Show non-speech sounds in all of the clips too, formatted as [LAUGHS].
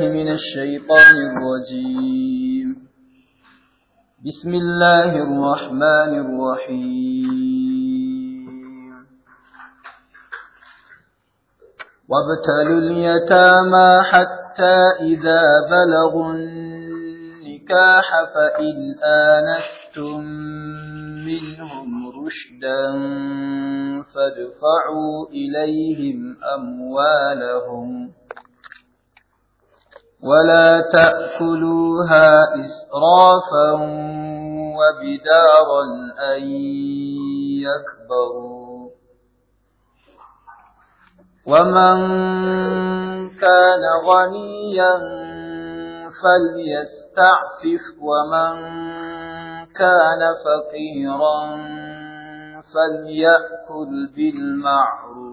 من الشيطان الرجيم بسم الله الرحمن الرحيم وابتلوا اليتامى حتى إذا بلغوا النكاح فإن آنستم منهم رشدا فادفعوا إليهم أموالهم ولا تأكلوها إسرافا وبدارا أن يكبروا ومن كان غنيا فليستعفف ومن كان فقيرا فليأكل بالمعروف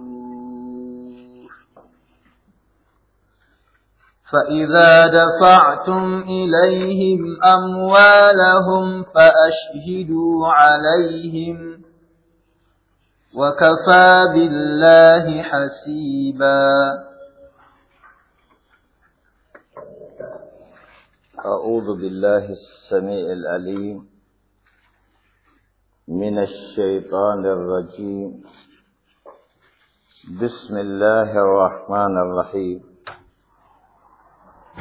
فإذا دفعتم إليهم أموالهم فأشهدوا عليهم وكفى بالله حسيبا أعوذ بالله السميع العليم من الشيطان الرجيم بسم الله الرحمن الرحيم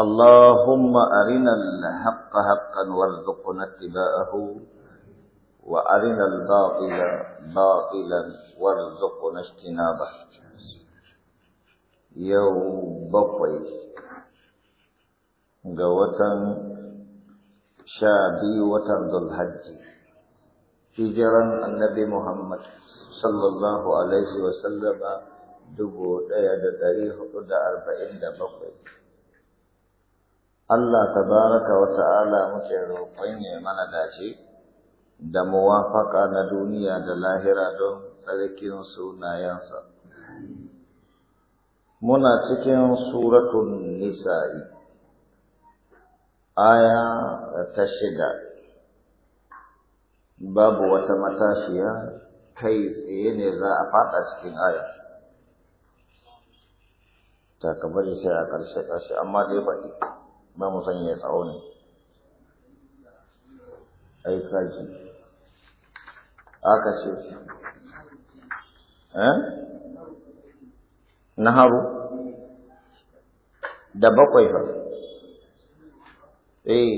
اللهم أرنا الحق حقا وارزقنا اتباعه وأرنا الباطل باطلا وارزقنا اجتنابه يوم بقي قوة شابي وترد الحج هجرا النبي محمد صلى الله عليه وسلم دبو دايا تاريخ دا أربعين دا بقي Allah ta baraka wa ta'ala muke roƙon ya mana dace da muwafaka na duniya da lahira don tsarkin sunayensa muna cikin suratun nisa'i aya ta shida babu wata matashiya kai tsaye ne za a fada cikin aya ta kamar sai a ƙarshe ƙarshe amma dai baɗi ba mu san ya tsawo ne ai kaji aka ce eh haru? da bakwai fa eh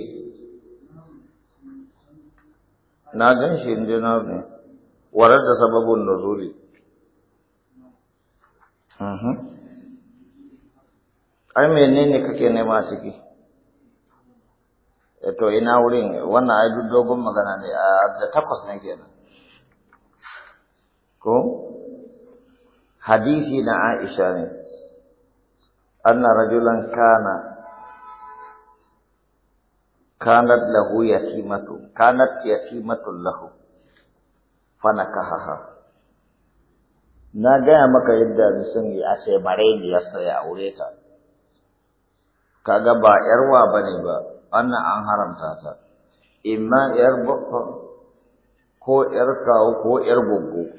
na gan shi inda na ne warar da sababin nuzuli mhm. ai menene kake nema ciki Eh, to ina wurin wannan ai duk dogon magana ne a ah, da takwas ne kenan ko hadisi na Aisha ne anna rajulan kana kanat lahu yatimatu kanat yatimatu lahu fanakahaha na gaya maka yadda yi ya ce bare ne ya saya aure ta kaga ba yarwa bane ba wannan an haramta ta imma yar bakka ko yar kawo ko yar goggo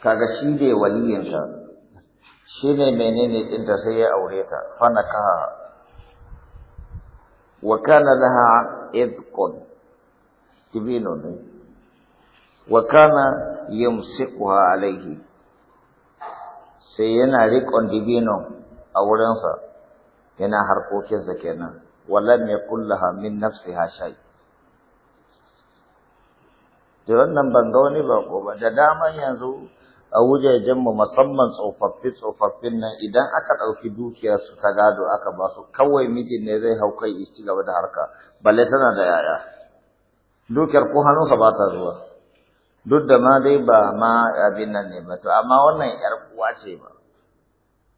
kaga shi ne waliyinsa shi ne menene ɗinta sai ya aure ta ka wa kana laha idqun kibino ne wa kana yumsikuha alaihi sai yana riƙon dibinon a wurinsa yana harkokinsa kenan walam ya kullaha min nafsiha shay Da wannan ban ga wani bako ba da damar yanzu a mu musamman tsofaffi tsofaffin nan idan aka ɗauki dukiyar su ta gado aka ba su kawai mijin ne zai hau kai ci gaba da harka balle tana da yaya dukiyar ko hannunsa ba ta zuwa duk da ma dai ba ma abin nan ne ba to amma wannan yar kuwa ce ba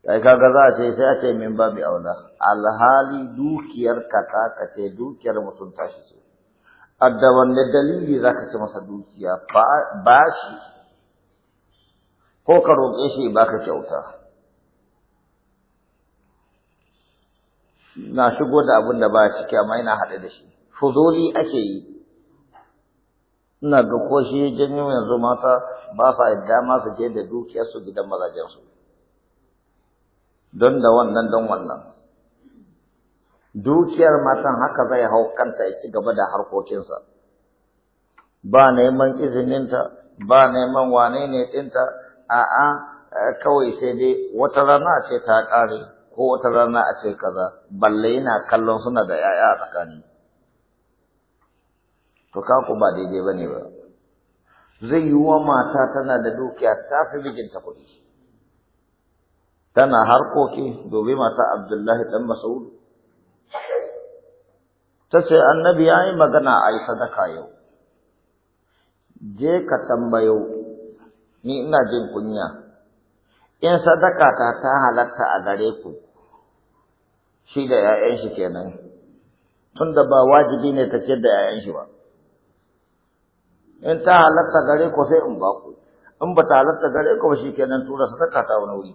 kai kaga za a ce sai a ce min ba bi aula alhali dukiyar ka ta kace dukiyar mutum ta shi ce adda wanne dalili za ka ce masa dukiya ba shi ko ka roƙe shi baka kyauta na shigo da abin da ba ciki amma yana haɗe da shi fuzuli ake yi ina ga ko shi janyo yanzu mata ba sa yadda ma su je da dukiyarsu gidan mazajensu don da wannan don wannan dukiyar matan haka zai hau kanta ya ci gaba da harkokinsa ba neman izininta ba neman wane ne ɗinta a'a kawai sai dai wata rana ce ta ƙare ko wata rana a ce kaza balle yana kallon suna da 'ya'ya a tsakani to ku ba daidai bane ba zai yi wa mata tana da dukiya ta fi mijinta kuɗi tana harkoki dobe mata Abdullahi dan Mas'ud tace annabi yayi magana ai sadaka yau je ka tambayo ni ina jin kunya in sadaka ta ta halatta a gare ku shi da 'ya'yan shi kenan tun da ba wajibi ne ta ce da 'ya'yan shi ba in ta halatta gare ku sai in ba ku in ba ta halatta gare ku ba shi kenan tura sadaka ta wani wuri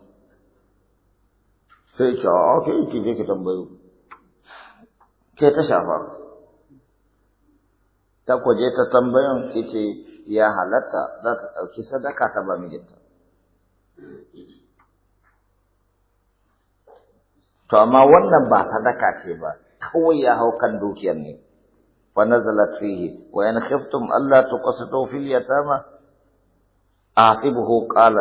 فيتشا اوكي انت ذيك تنبيو كي تشافر تبقى جيت تنبيو انت يا هلتا ذات كي صدقة تبا مجتا تو اما وانا با صدقة تبا هو يا هو كان دوكياني فنزلت فيه وان خفتم الا تقسطوا في اليتامى اعصبه قال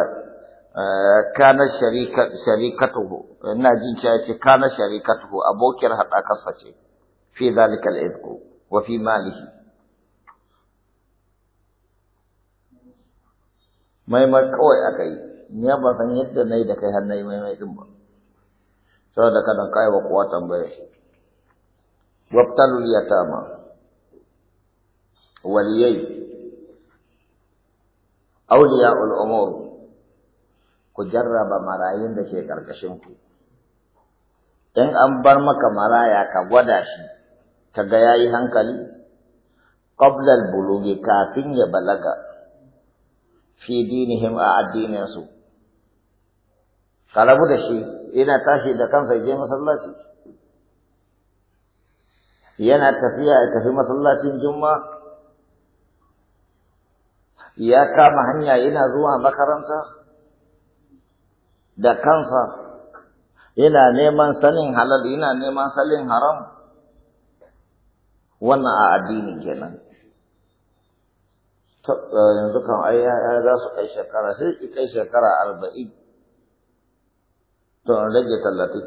Eh, kana sharika sharikatuhu ina jin cewa ce kana sharikatuhu abokiyar hadakarsa ce fi zalikal izku wa fi malihi mai ma kawai aka yi ya ba san yadda nayi da kai har nayi mai mai din ba saboda kada kai wa kowa tambaya wabtalul yatama waliyai awliya'ul umur ku jarraba marayun da ke ƙarƙashin ku in an bar maka maraya ka gwada shi ka ga yayi hankali qablal buluge kafin ya balaga fi dinihim a addinin su ka rabu da shi yana tashi da kansa je masallaci yana tafiya ya tafi masallacin Juma. ya kama hanya yana zuwa makaranta da kansa yana neman sanin halal yana neman sanin haram wannan a addini kenan eh, yanzu kan ai ya za su kai shekara sai kai shekara arba'in to rage talatin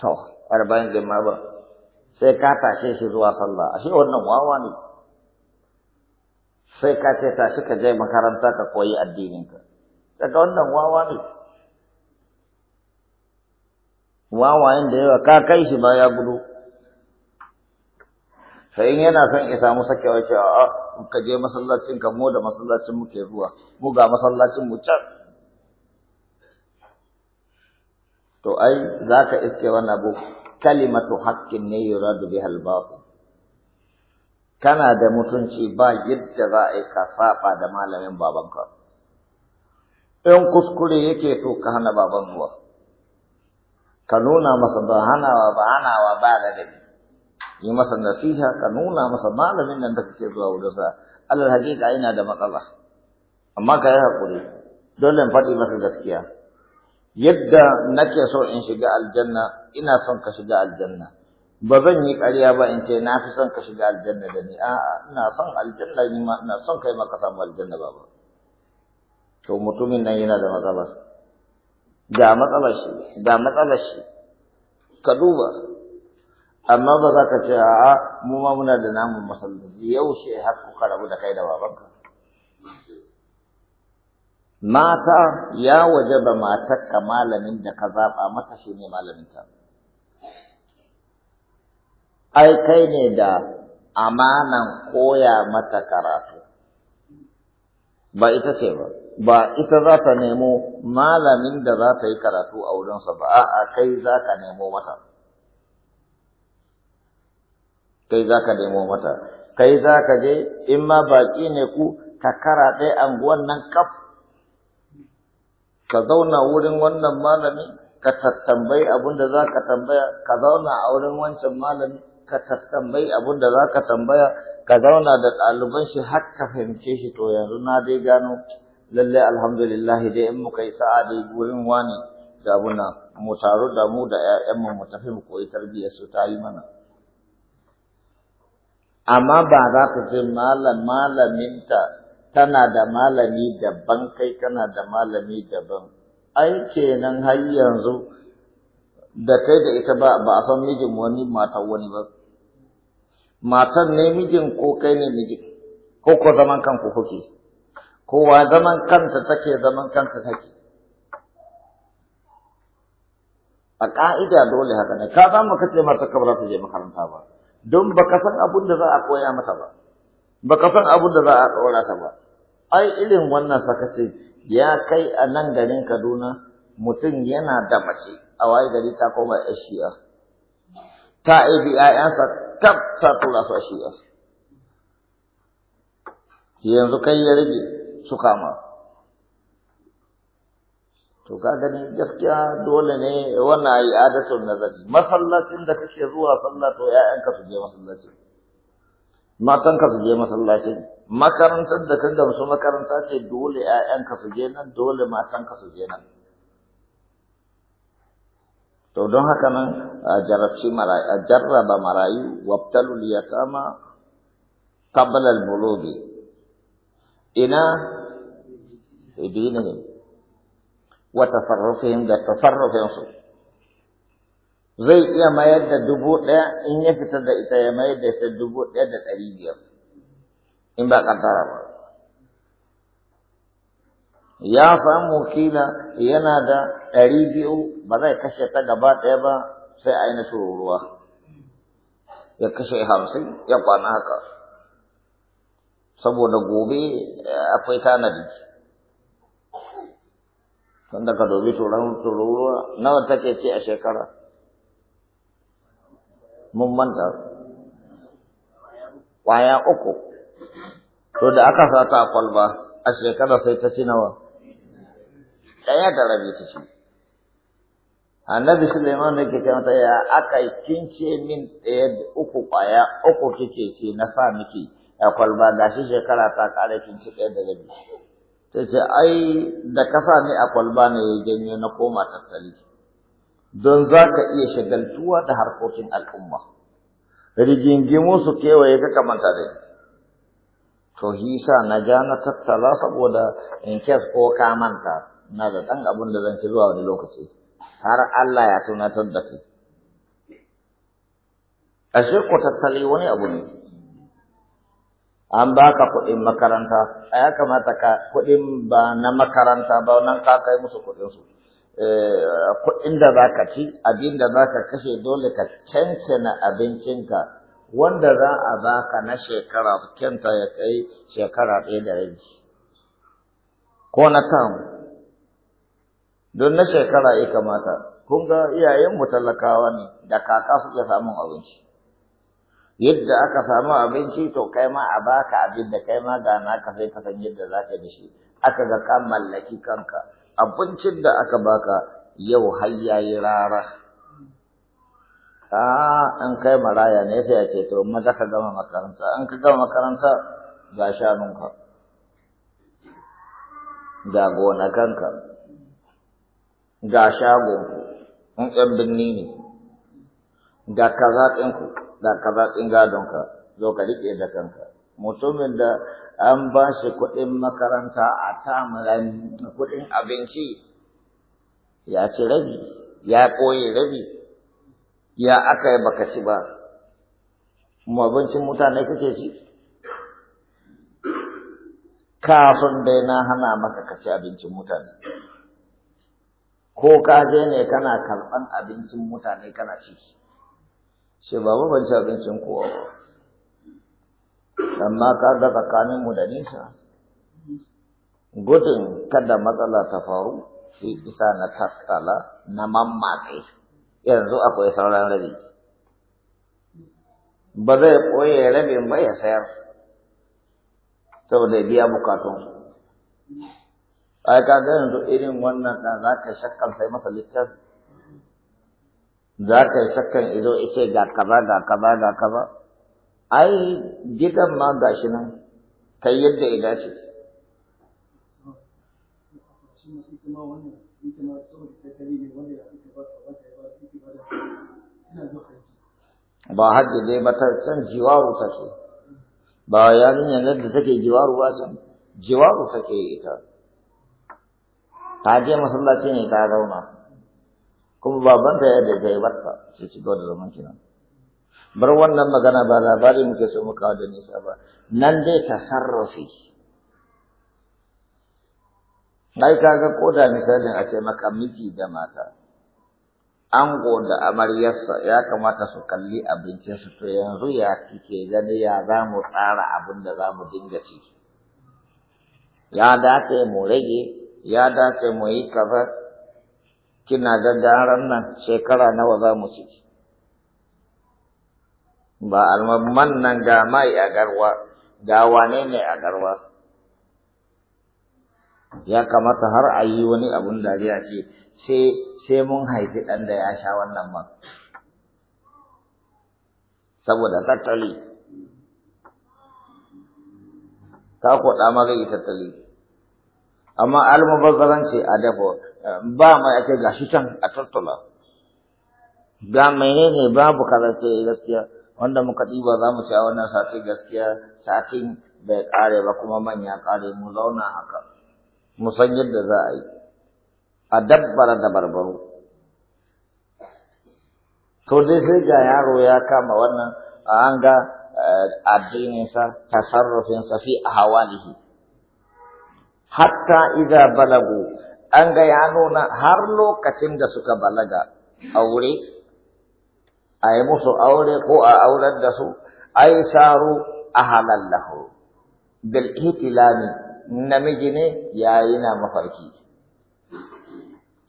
to arba'in ɗin ma ba sai ka tashe shi zuwa sallah ashe wannan wawa ne sai ka ce tashi ka je makaranta ka koyi addininka daga wannan wawa ne wawayen da yawa ka kai shi ba ya gudu sai yana son ya samu sakewa cewa a ka je masallacin ka mu da masallacin muke zuwa mu ga masallacin mu can to ai zaka iske wannan abu kalimatu haqqin ne yuradu bihal batil kana da mutunci ba yadda za a yi ka saba da malamin babanka in kuskure yake to ka hana baban zuwa ka nuna masa ba hanawa ba hanawa ba ladabi yi masa nasiha ka nuna masa malamin nan da kake zuwa wurinsa alal hakika ina da matsala amma ka yi haƙuri dole in faɗi masa gaskiya yadda nake so in shiga aljanna ina son ka shiga aljanna ba zan yi ƙarya ba in ce na fi son ka shiga aljanna da ni a'a ina son aljanna ni ma ina son kai ma ka samu aljanna ba ba to mutumin nan yana da matsala ga matsalar shi ga matsalar shi ka duba amma ba za ka ce a, mu ma muna da namun masallaci yau shi har kuka rabu da kai da babanka mata ya waje matar ka malamin da ka zaɓa mata shi ne malaminta ai kai ne da amanan koya mata karatu ba ita ce ba ba ita za ta nemo malamin da za ta yi karatu a wurinsa ba a'a kai za ka nemo mata kai za ka nemo mata kai za ka je in ma baƙi ne ku ka kara ɗaya anguwan nan kaf ka zauna wurin wannan malami ka tattambai abin da za ka tambaya ka zauna a wurin wancan malami ka tattambai abin da za ka tambaya ka zauna da ɗaliban shi har ka fahimce shi to yanzu na dai gano lallai alhamdulillah dai in muka yi sa'a da gurin wani da abuna mu taru da mu da ƴaƴan mu tafi mu koyi tarbiyyar su ta yi mana amma ba za ka ce malam malaminta tana da malami daban kai kana da malami daban ai kenan har yanzu da kai da ita ba ba a san mijin wani mata wani ba matan ne mijin ko kai ne mijin ko ko zaman kanku kuke kowa zaman kanta take zaman kanta take a ƙa'ida dole haka ne ka zama ka ce mata ka ba ta je makaranta ba don ba ka san abin da za a koya mata ba ba ka san abin da za a ɗora ta ba ai ilin wannan saka ce ya kai a nan garin Kaduna mutum yana da mace a waye gari ta koma a shi'a ta aibi sa kaf ta tura su a shi'a yanzu kai ya rage su kama to ka gani gaskiya dole ne wannan ayi adatun nazari masallacin da kake zuwa sallah to ƴaƴanka su je masallacin matanka su je masallacin makarantar da ka gamsu makaranta ce dole ƴaƴanka su je nan dole matanka su je nan to don haka nan a jarabci marayu jarraba marayu wabtalul yatama qabla al-bulughi ina dinihim wa da zai iya mayar da dubu ɗaya in ya fitar da ita ya mayar da ita dubu ɗaya da ɗari biyar in ba ƙaddara ba ya samu kila yana da ɗari biyu ba zai kashe ta gaba ɗaya ba sai a yi na ruwa ya kashe hamsin ya kwana haka saboda gobe eh, akwai tanadi tunda ka dobi turan nawa take ce a shekara mun manta kwaya uku to da aka sa ta kwalba a shekara sai ta ci nawa ɗaya da rabi ta ci annabi Suleiman ne ke kanta ya aka kince min ɗaya uku kwaya uku kike ce na sa miki ya kwalba da shi shekara ta kare kinci ɗaya da rabi ta ce ai da kasa ne a kwalba ne ya janyo na koma tattali don za ka iya shagaltuwa da harkokin al'umma rigingimu su kewaye ka kamanta da to hisa na ja na tattala saboda in kes ko ka manta na da ɗan abin da zan ci zuwa wani lokaci har Allah ya tunatar da kai ashe ko tattali wani abu ne an baka kuɗin makaranta a ya kamata ka kuɗin ba na makaranta ba nan ka kai musu kuɗinsu. su eh, kuɗin da za ka ci abin da za ka kashe dole ka cancana abincinka wanda za a baka na shekara kenta ya kai shekara ɗaya da rabi ko na kan don na shekara ya kamata kun ga iyayen mu talakawa ne da kaka suke samun abinci yadda aka samu abinci to kai ma a baka abin da kai ma ga naka sai ka san yadda za ka da aka ga ka mallaki kanka abincin da aka baka yau har yayi rara Aa, ah, an kai maraya ne sai a ce to za ka gama makaranta an ka gama makaranta ga shanunka ga gonakanka ga shagonku in ɗan birni ne ga kaza ɗinku da kaza ɗin gadonka zo ka riƙe da kanka mutumin da an ba shi kuɗin makaranta a tamarin kuɗin abinci ya ci rabi ya koyi rabi ya aka yi baka ci ba mu abincin mutane kake ci kafin dai na hana maka ka ci abincin mutane ko ka je ne kana karɓan abincin mutane kana ci shi ba ban ci abincin kowa ba amma ka ga tsakanin mu da nisa gudun kada matsala ta faru shi isa na tattala na mammatse yanzu akwai sauran rabi ba zai ɓoye rabin ba ya sayar saboda biya bukatun. ai ka ga yanzu irin wannan da za ka shakkan sai masa littafi za ka yi sakan ido ise ga kaba ga kaba ga kaba? ai gidan ma ga shi nan kai yadda ya dace ba hajji dai ba ta can jiwaru ce? ba yarinyar nan da take jiwaru ba can jiwaru take ita ta je masallaci ne ta zauna kuma baban da ya daga yi barka sai ci gaba da zaman kina bar wannan magana ba labari muke so mu kawo da nisa ba nan dai tasarrufi ai kaga ko misalin a ce maka miji da mata ango da amaryarsa ya kamata su kalli abincinsu to yanzu ya kike gani ya za mu tsara abin da za mu dinga ci ya dace mu rage ya dace mu yi kaza kina gaggaran nan shekara nawa za mu ci ba almamman nan ga mai a garwa ga wane ne a garwa ya kamata har a yi wani abun dariya ce sai sai mun haifi ɗan da ya sha wannan ba saboda tattali ta kwaɗa ma zai yi tattali amma almubazzaranci a dafa ba mai ake gashi can a tattala ga menene babu karatu ce gaskiya wanda muka diba za mu ci a wannan sati gaskiya satin bai ƙare ba kuma manya kare mu zauna haka mu san yadda za a yi a dabbara da barbaro to dai sai ga yaro ya kama wannan a an ga eh, addininsa tasarrufinsa fi hawalihi hatta idza balagu an ga ya nuna har lokacin da suka balaga aure a yi musu aure ko a aurar da su ai saru a halallahu bil Lami namiji ne ya yi na mafarki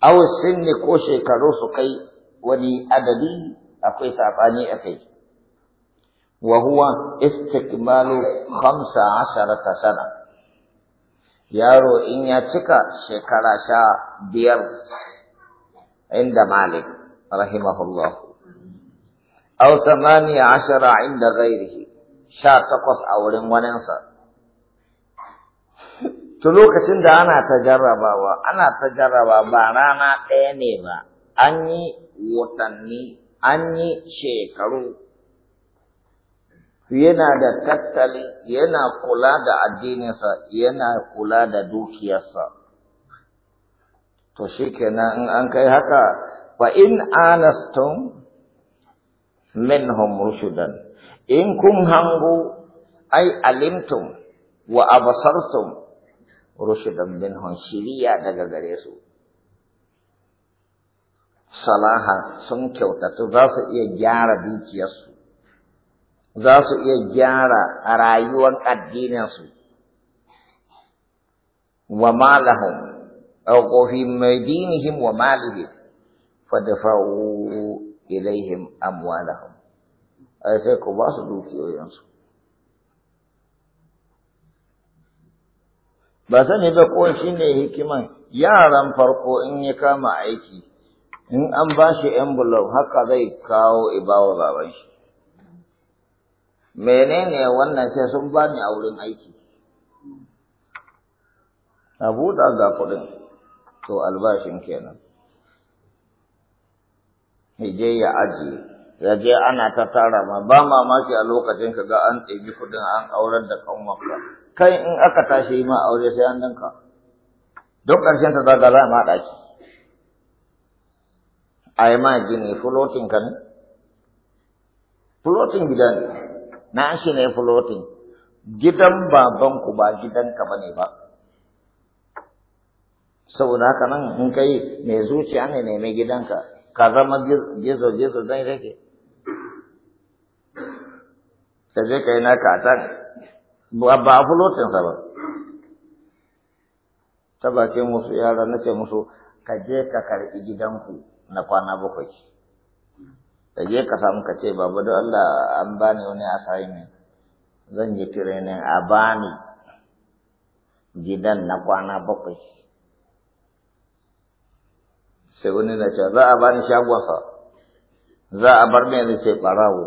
sin sinni ko shekaru su kai wani adadi akwai a akai wa huwa istikmalu 15 sana yaro in ya cika shekara sha biyar inda malik rahimahullah aw thamaniya ashara inda ghairihi sha takwas a wurin waninsa to lokacin da ana ta jarrabawa ana ta jarraba ba rana ɗaya ne ba an yi watanni an yi shekaru yana da tattali yana kula da addininsa yana kula da dukiyarsa to kenan in an kai haka fa in anastum minhum rushudan in kun hango ai alimtum wa abasartum rushudan minhum shiriya daga gare su salaha sun kyautatu za su iya gyara dukiyarsu za su iya gyara a rayuwar addininsu wa malahum aw mai dinihim wa malihim dafa'u ilaihim amwalahum ai sai ku ba su dukiyoyinsu ba sani ba ko shi ne hikiman yaran farko in ya kama aiki in an ba shi envelope haka zai kawo ibawa baban shi menene wannan sai sun ba ni a wurin aiki a buɗa ga kuɗin to albashin kenan je ya ajiye ya je ana ta tara ma ba mamaki a lokacin ka ga an ɗebi kuɗin an aurar da kanwarka kai in aka tashi ma aure sai an danka duk ƙarshen ta zaga za a ma ɗaki a yi ma gini floating ka ne fulotin gida ne na shi ne floating gidan babanku ba gidanka ba ne ba saboda haka nan in kai mai zuciya ne nemi gidanka ka zama gizo gizo zai rage ka je ka yi na a ba a fulotinsa ba ta bakin musu yara na ce musu ka je ka karɓi gidanku na kwana bakwai ka je ka samu ka ce babu da Allah an bani wani assignment zan je training a bani gidan na kwana bakwai sai wani na ce za a bani shagonsa za a bar mai ce barawo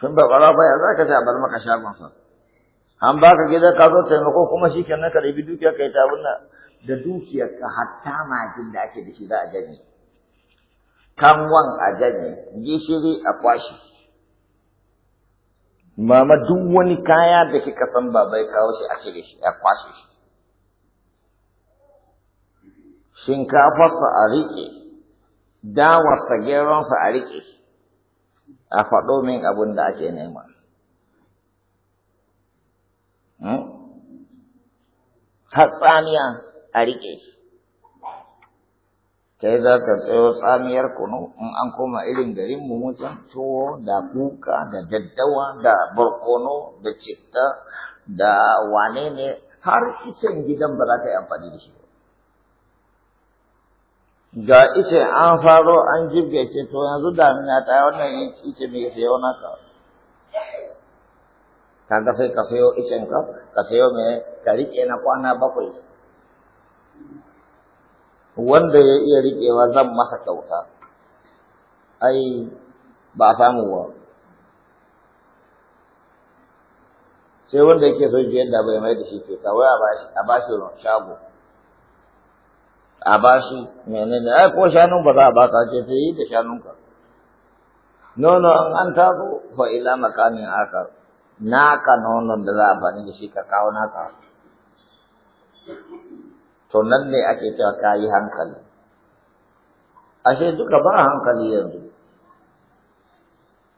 sun ba barawo baya za ka ce a bar maka shagonsa an ka gida ka zo taimako kuma shi kenan ka ɗabi dukiya ka yi ta da dukiya ka hatta makin da ake da shi za a janye kanwan a janye gishiri a kwashi mama duk wani kaya da kika san baba ya kawo shi a cire shi a kwashe shi shinkafarsa a riƙe dawarsa geronsa a riƙe a faɗo min abin da ake nema hmm? hatsaniya a rike. shi kai za ka tsayo tsamiyar kunu in an koma irin garin mu mutum tuwo da kuka da daddawa da barkono da citta da wane ne har kicin gidan ba za ka yi amfani da shi ba ga ice an faro an jibge ce to yanzu damina ta wannan ice mai sayo naka ga sai ka sayo icen ka ka sayo mai ka riƙe na kwana bakwai wanda ya iya riƙewa zan masa kyauta ai ba a samu ba sai wanda yake so jiyar da bai mai da shi ke wai a ba shi shago a ba shi menene ai ko shanun ba za a baka ce sai yi da shanunka nono an an tazo fa ila makamin akar naka nonon da za a amfani da shi ka kawo naka to nan ne ake cewa ka yi hankali ashe duka ba hankali yanzu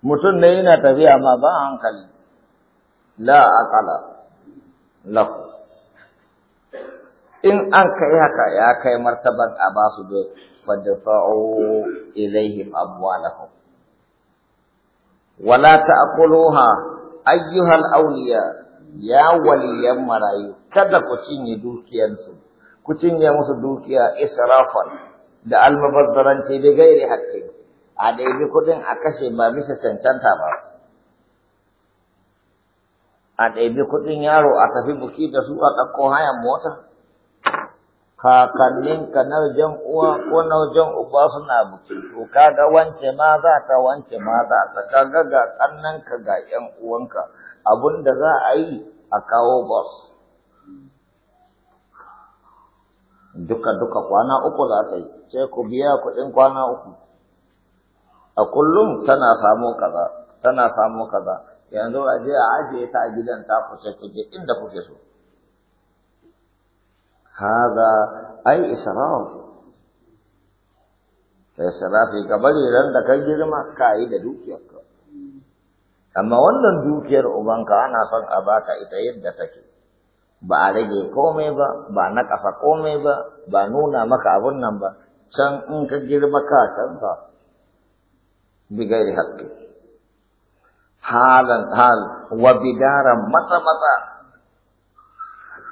mutum ne yana tafiya ma ba hankali la aqala la in an kai haka ya kai martaban a ba su da fadfa'u ilaihim amwalahum wala ta'kuluha ayyuhal awliya ya waliyan marayu kada ku cinye dukiyarsu ku cinye musu dukiya israfan da almubazzaranci bi gairi haƙƙin, a ɗaibi kuɗin a kashe ba bisa cancanta ba a ɗaibi kuɗin yaro a tafi buki da su a ɗauko hayan mota kakanninka na wajen uwa ko na wajen uba suna buki to kaga wance ma za ta wance ma za ta kaga ga kannanka ga 'yan uwanka abun da za a yi a kawo bas duka duka kwana uku za ta yi sai ku biya kuɗin kwana uku a kullum tana samo kaza tana samu kaza yanzu a je a ajiye ta a gidan ta ku sai ku je inda kuke so Haza ai israf sarafi ka bari ran da ka girma ka yi da dukiyarka amma wannan dukiyar ubanka ana son a baka ita yadda take ba a rage komai ba ba na ƙasa komai ba ba nuna maka abun nan ba can in ka girma ka can ba bi gairi haƙƙi halan hal wa bidara maza maza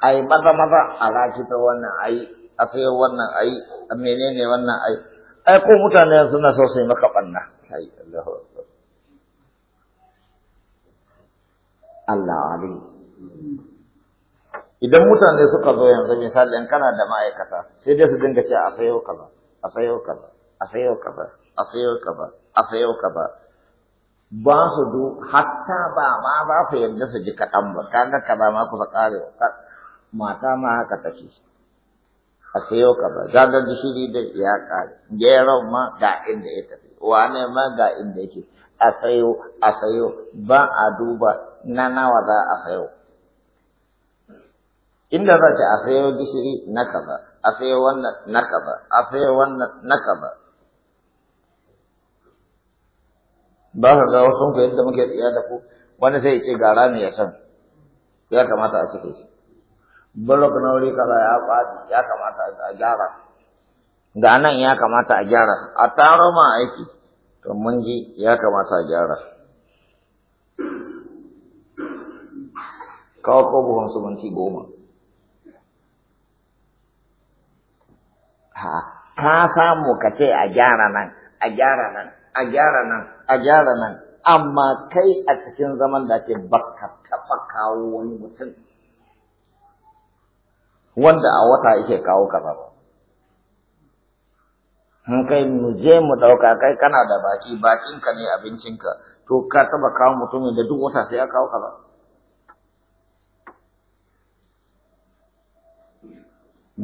ai maza maza a rakita wannan ai a sayo wannan ai a menene wannan ai ai ko mutane suna so su yi maka ɓanna kai Allah Allah Ali idan mutane suka zo yanzu misali in kana da ma'aikata sai dai su dinga cewa a sayo kaza a sayo kaza a sayo kaza a sayo kaza a sayo kaza ba su du hatta ba ma ba su yarda su ji kaɗan ba kaga kaza ma kusa ƙare mata ma haka tafi a sayo kaza zagar gishiri da ya ƙare geron ma ga inda ya tafi wane ma ga inda yake a sayo a sayo ba a duba na nawa za a sayo inda za ta a sayo gishiri na kaza a sayo wannan na kaza a sayo wannan na kaza ba ka ga wasu ku yadda muke tsaya da ku wani sai ce gara ne ya san ya kamata a cike shi blok na wuri kaza ya faɗi ya kamata a gyara ga nan ya kamata a gyara a taro ma aiki to mun ji ya kamata a gyara kawo ko buhun su minti goma ka samu ka ce a gyara nan a gyara nan a gyara nan a gyara nan amma kai a cikin zaman da ke baka taɓa kawo wani mutum wanda a wata yake kawo kaza ba in kai mu je mu ɗauka kai kana da baki bakinka ne abincinka to ka taɓa kawo mutumin da duk wata sai ya kawo kaza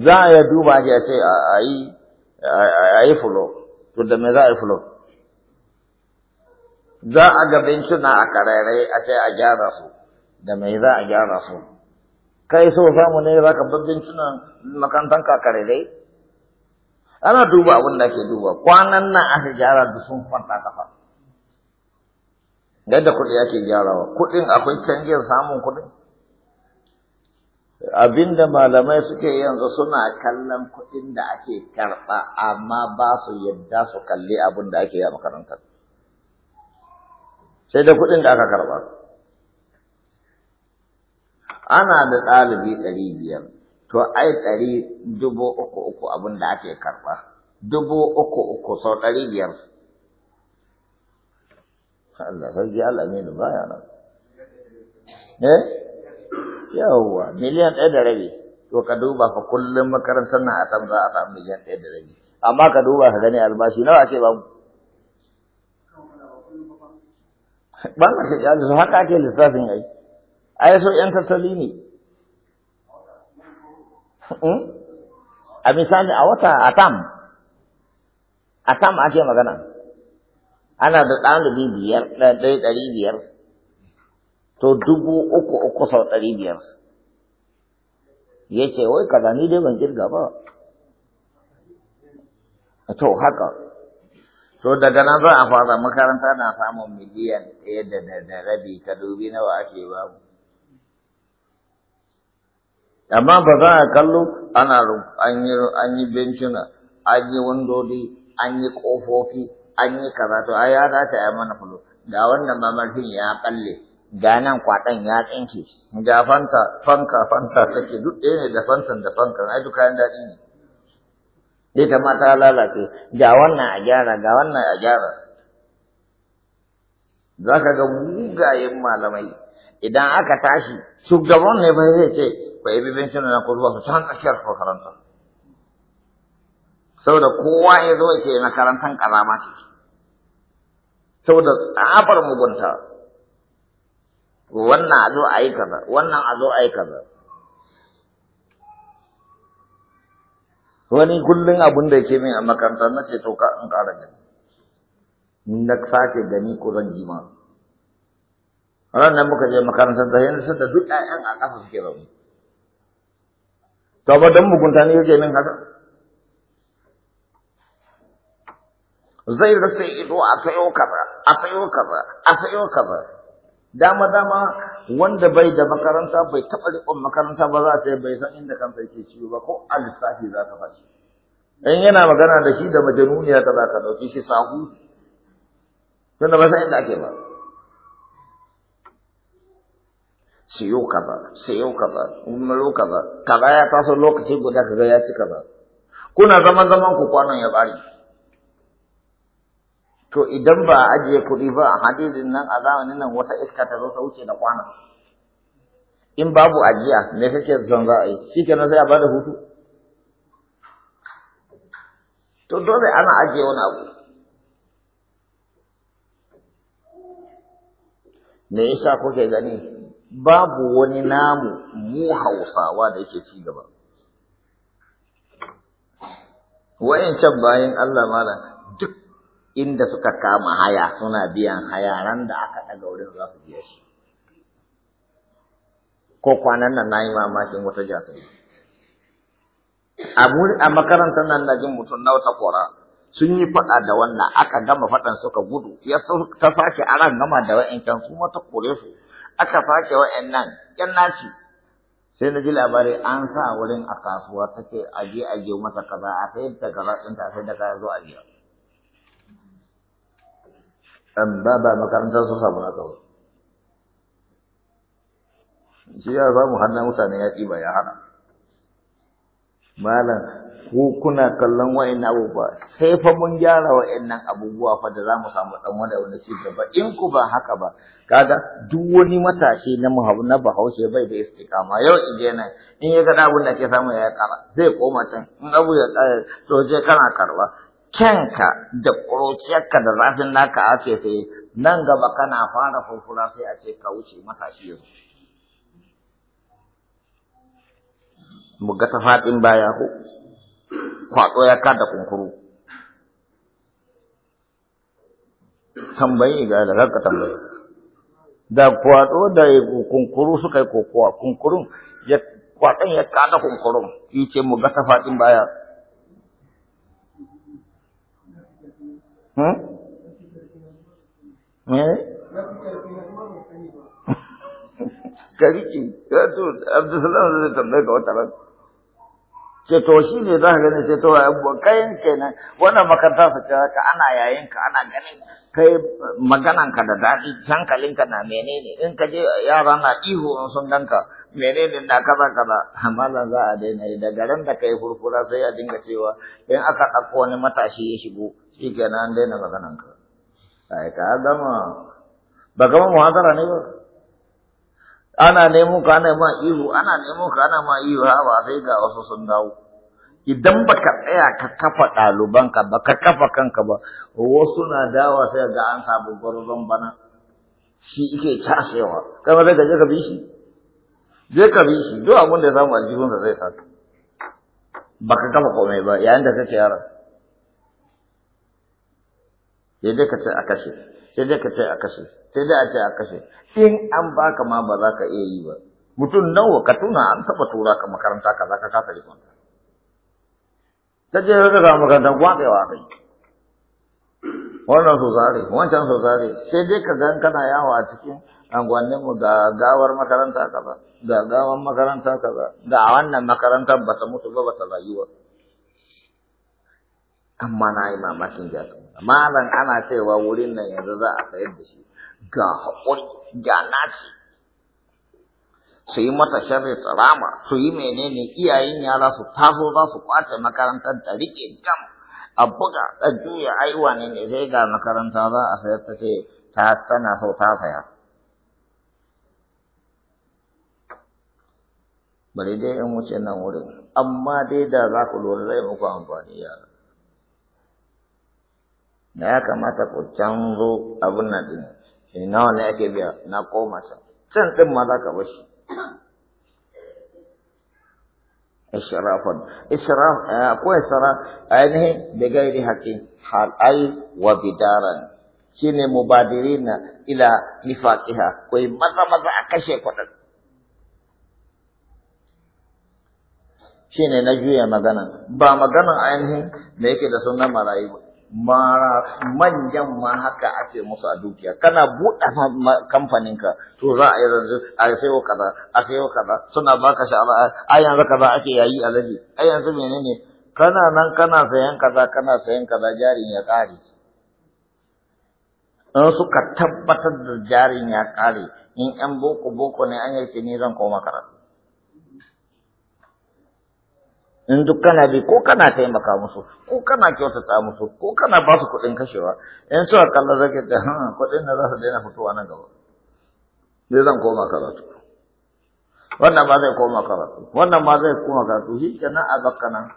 za a yi duba ake a ce a yi fulo to da me za a yi fulo za a ga bincina a karere a ce a gyara su da me za a gyara su kai so samu ne za ka bar bencunan makantan ka karere? ana duba abin da ke duba kwanan nan aka gyara da sun kwanta kafa yadda kuɗi ake gyarawa kuɗin akwai canjin samun kuɗin abinda malamai suke yanzu suna kallon kuɗin da ake karɓa amma ba su yadda su kalli abin da ake yi a makarantar sai da kuɗin da aka karɓa ana da ɗalibi ɗari biyar to ai ɗari dubu uku uku abin da ake karɓa dubu uku uku sau ɗari biyar Allah sarki Allah ne baya nan eh yawwa miliyan ɗaya da rabi to ka duba fa kullum makarantar nan a san za a samu miliyan ɗaya da rabi amma ka duba ka gani albashi nawa ake mu? ba ma shi su haka ake lissafin ai ai so yan tattali ne hmm? a misali a wata a tam a tam ake magana ana da ɗalibi biyar ɗaya ɗari biyar to dubu uku uku sau ɗari biyar ya ce wai kaza ni dai ban girga ba to haka to daga nan za a fara makaranta na samun miliyan ɗaya da da rabi ka dubi nawa ake babu amma ba za a kallo ana an yi bencina an yi wandodi an yi ƙofofi an yi kaza to ai ya dace a mana fulo da wannan mamakin ya ƙalle. ga nan kwaɗon ya tsinke ga fanta fanka fanta take duk ɗaya ne da fantan da fankan ai duka kayan daɗi ne ma ta lalace ga wannan a gyara ga wannan a gyara za ka ga mugayen malamai idan aka tashi shugaban ne bai zai ce ko yi bibin shi na kurwa su can tsakiyar makaranta saboda kowa ya zo ke makarantar karama ce saboda tsabar mugunta wannan a zo a yi kaza wannan a zo a yi kaza wani kullum abin da ke min a makaranta na ce to ka in ƙara gani na sake gani ko zan ji ma nan muka je makarantar ta yanzu da duk ɗayan a ƙasa suke zaune to ba don mugunta ne yake min haka zai rasa ido a sayo kaza a sayo kaza a sayo kaza dama dama wanda bai da makaranta bai taɓa rikon makaranta ba za ta bai san inda kansa yake ciwo ba ko alsafi za ka fashi in yana magana da shi da majanuniya ta za ka shi sahu tunda ba san inda ake ba siyo kaza siyo kaza umaro kaza kaza ya taso lokaci guda kaga ya ci kaza kuna zaman zaman ku kwanan ya bari to idan ba a ajiye kuɗi ba a hadisin nan a zamanin nan wata iska ta zo ta wuce da kwana in babu ajiya me kake son za a yi shi kenan sai a bada hutu to dole ana ajiye wani abu me yasa kuke gani babu wani namu mu hausawa da yake ci gaba wa'in can bayan Allah malam inda suka kama haya suna biyan haya ran da aka ɗaga wurin za su biya shi ko kwanan nan na yi mamakin wata jasai a makarantar nan na jin mutum na wata kora sun yi faɗa da wannan aka gama faɗan suka gudu ya ta sake aran gama da wa'incan kuma ta kore su aka sake nan, yan naci sai na ji labari an sa wurin a kasuwa take ce aje aje masa kaza a sayar da kaza ɗinta sai da kaza zo a biya ɗan ba ba makarantar sun samu na kawai shi ya ba mu hannun mutane ya ba ya hana malam ko kuna kallon wa'in abubuwa sai fa mun gyara wa'in nan abubuwa fa da za mu samu ɗan wanda wani ci gaba in ku ba haka ba kaga duk wani matashi na na bahaushe bai da istiqama yau in je nan in ya ga abin da ke samu ya kara zai koma can in abu ya kara to je kana karba kyanka da ƙuruciyarka da zafin naka ake sai nan gaba kana fara furfura sai a ce ka wuce matashi yanzu. Buga ta faɗin baya ko, kwaɗo ya kada kunkuru. Tambayi ga da ranka tambayi. Da kwaɗo da kunkuru suka yi kokowa, kunkurun ya kwaɗon ya kada kunkurun, yi ce mu ga ta faɗin baya. ka riƙe zai tambaye ka wata ran ce to shi ne za ka gani sai to kayan kenan wannan makaranta su ce haka ana yayin ka ana ganin kai maganan ka da daɗi hankalinka na menene in ka je yara na ihu in sun ganka menene na kaza kaza amma za a daina yi daga ran da kai furfura sai ya dinga cewa in aka ɗauko wani matashi ya shigo shi kenan daina maganan ka a ka gama ba gama muhadara ne ba ana nemo ka ana ma ihu ana nemo ka ana ma ihu ha ba sai ga wasu sun dawo idan ba ka tsaya ka kafa ɗalibanka ba ka kafa kanka ba wasu na dawa sai ga an samu gwarzon bana shi ike casewa kama zai gaje ka bi shi je ka bi shi duk abin da ya samu aljihunsa zai sa baka kafa komai ba yayin da kake yara sai dai ka ce a kashe sai dai ka ce a kashe sai dai a ce a kashe in an baka ma ba za ka iya yi ba mutum nawa ka tuna an taba tura ka makaranta ka za ka kasa yi kwanta ta je ka ga makaranta gwadewa kai wannan so zare wancan so zare sai dai ka gan kana yawo a cikin anguwannin mu ga gawar makaranta kaza ga gawar makaranta kaza ga wannan makarantar ba ta mutu ba ba ta rayuwa amma na yi mamakin jatu malam ana cewa wurin nan yanzu za a sayar da shi ga haƙuri ga naci su yi mata sharri tsarama su yi menene iyayen yara su taso za su kwace makarantar ta rike gam a buga a juya aiwa ne ne sai ga makaranta za a sayar ta ce ta tana so ta saya bari dai in wuce nan wurin amma dai da za ku lura zai muku amfani yara da ya kamata ku canzo abin nan ɗin Ina eh, nawa ne ake biya na koma can can ɗin ma za ka bar shi israfan israf eh, ko isra ainihin da gairi haƙi halai wa bidaran shine mubadirina ila nifaqiha ko maza maza a kashe kuɗin shine na juya magana ba magana ainihin da yake da sunan marayu ba manyan ma haka ake musu a dukiya kana buɗe kamfaninka to za a yi yanzu a sayo kaza a sayo kaza suna baka sha'awa a yanzu kaza ake yayi alaji a yanzu menene kana nan kana sayan kaza kana sayan kaza jarin ya ƙare in suka tabbatar da jarin ya ƙare in ƴan boko boko ne an yake ni zan koma karatu in duk kana bi ko kana taimaka musu ko kana kyautata musu ko kana ba su kuɗin kashewa in suka kalla zaki ta ha hmm, kuɗin da za su daina fitowa nan gaba dai zan koma karatu wannan ba zai koma karatu wannan ba zai koma karatu shi kenan a bakka nan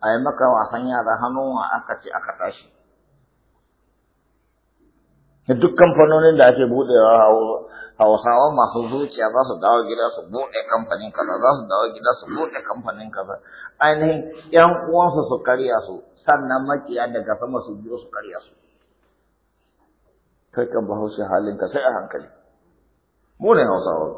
a yi maka wasan yara hannu aka ce aka tashi da duk kamfanonin da ake buɗewa hausawa masu zuciya za su dawo gida su buɗe kamfanin kaza za su dawo gida su buɗe kamfanin kaza ainihin yan uwansu su karya su sannan makiya daga sama su biyo su karya su kai kan bahaushe halinka sai a hankali mu ne hausawa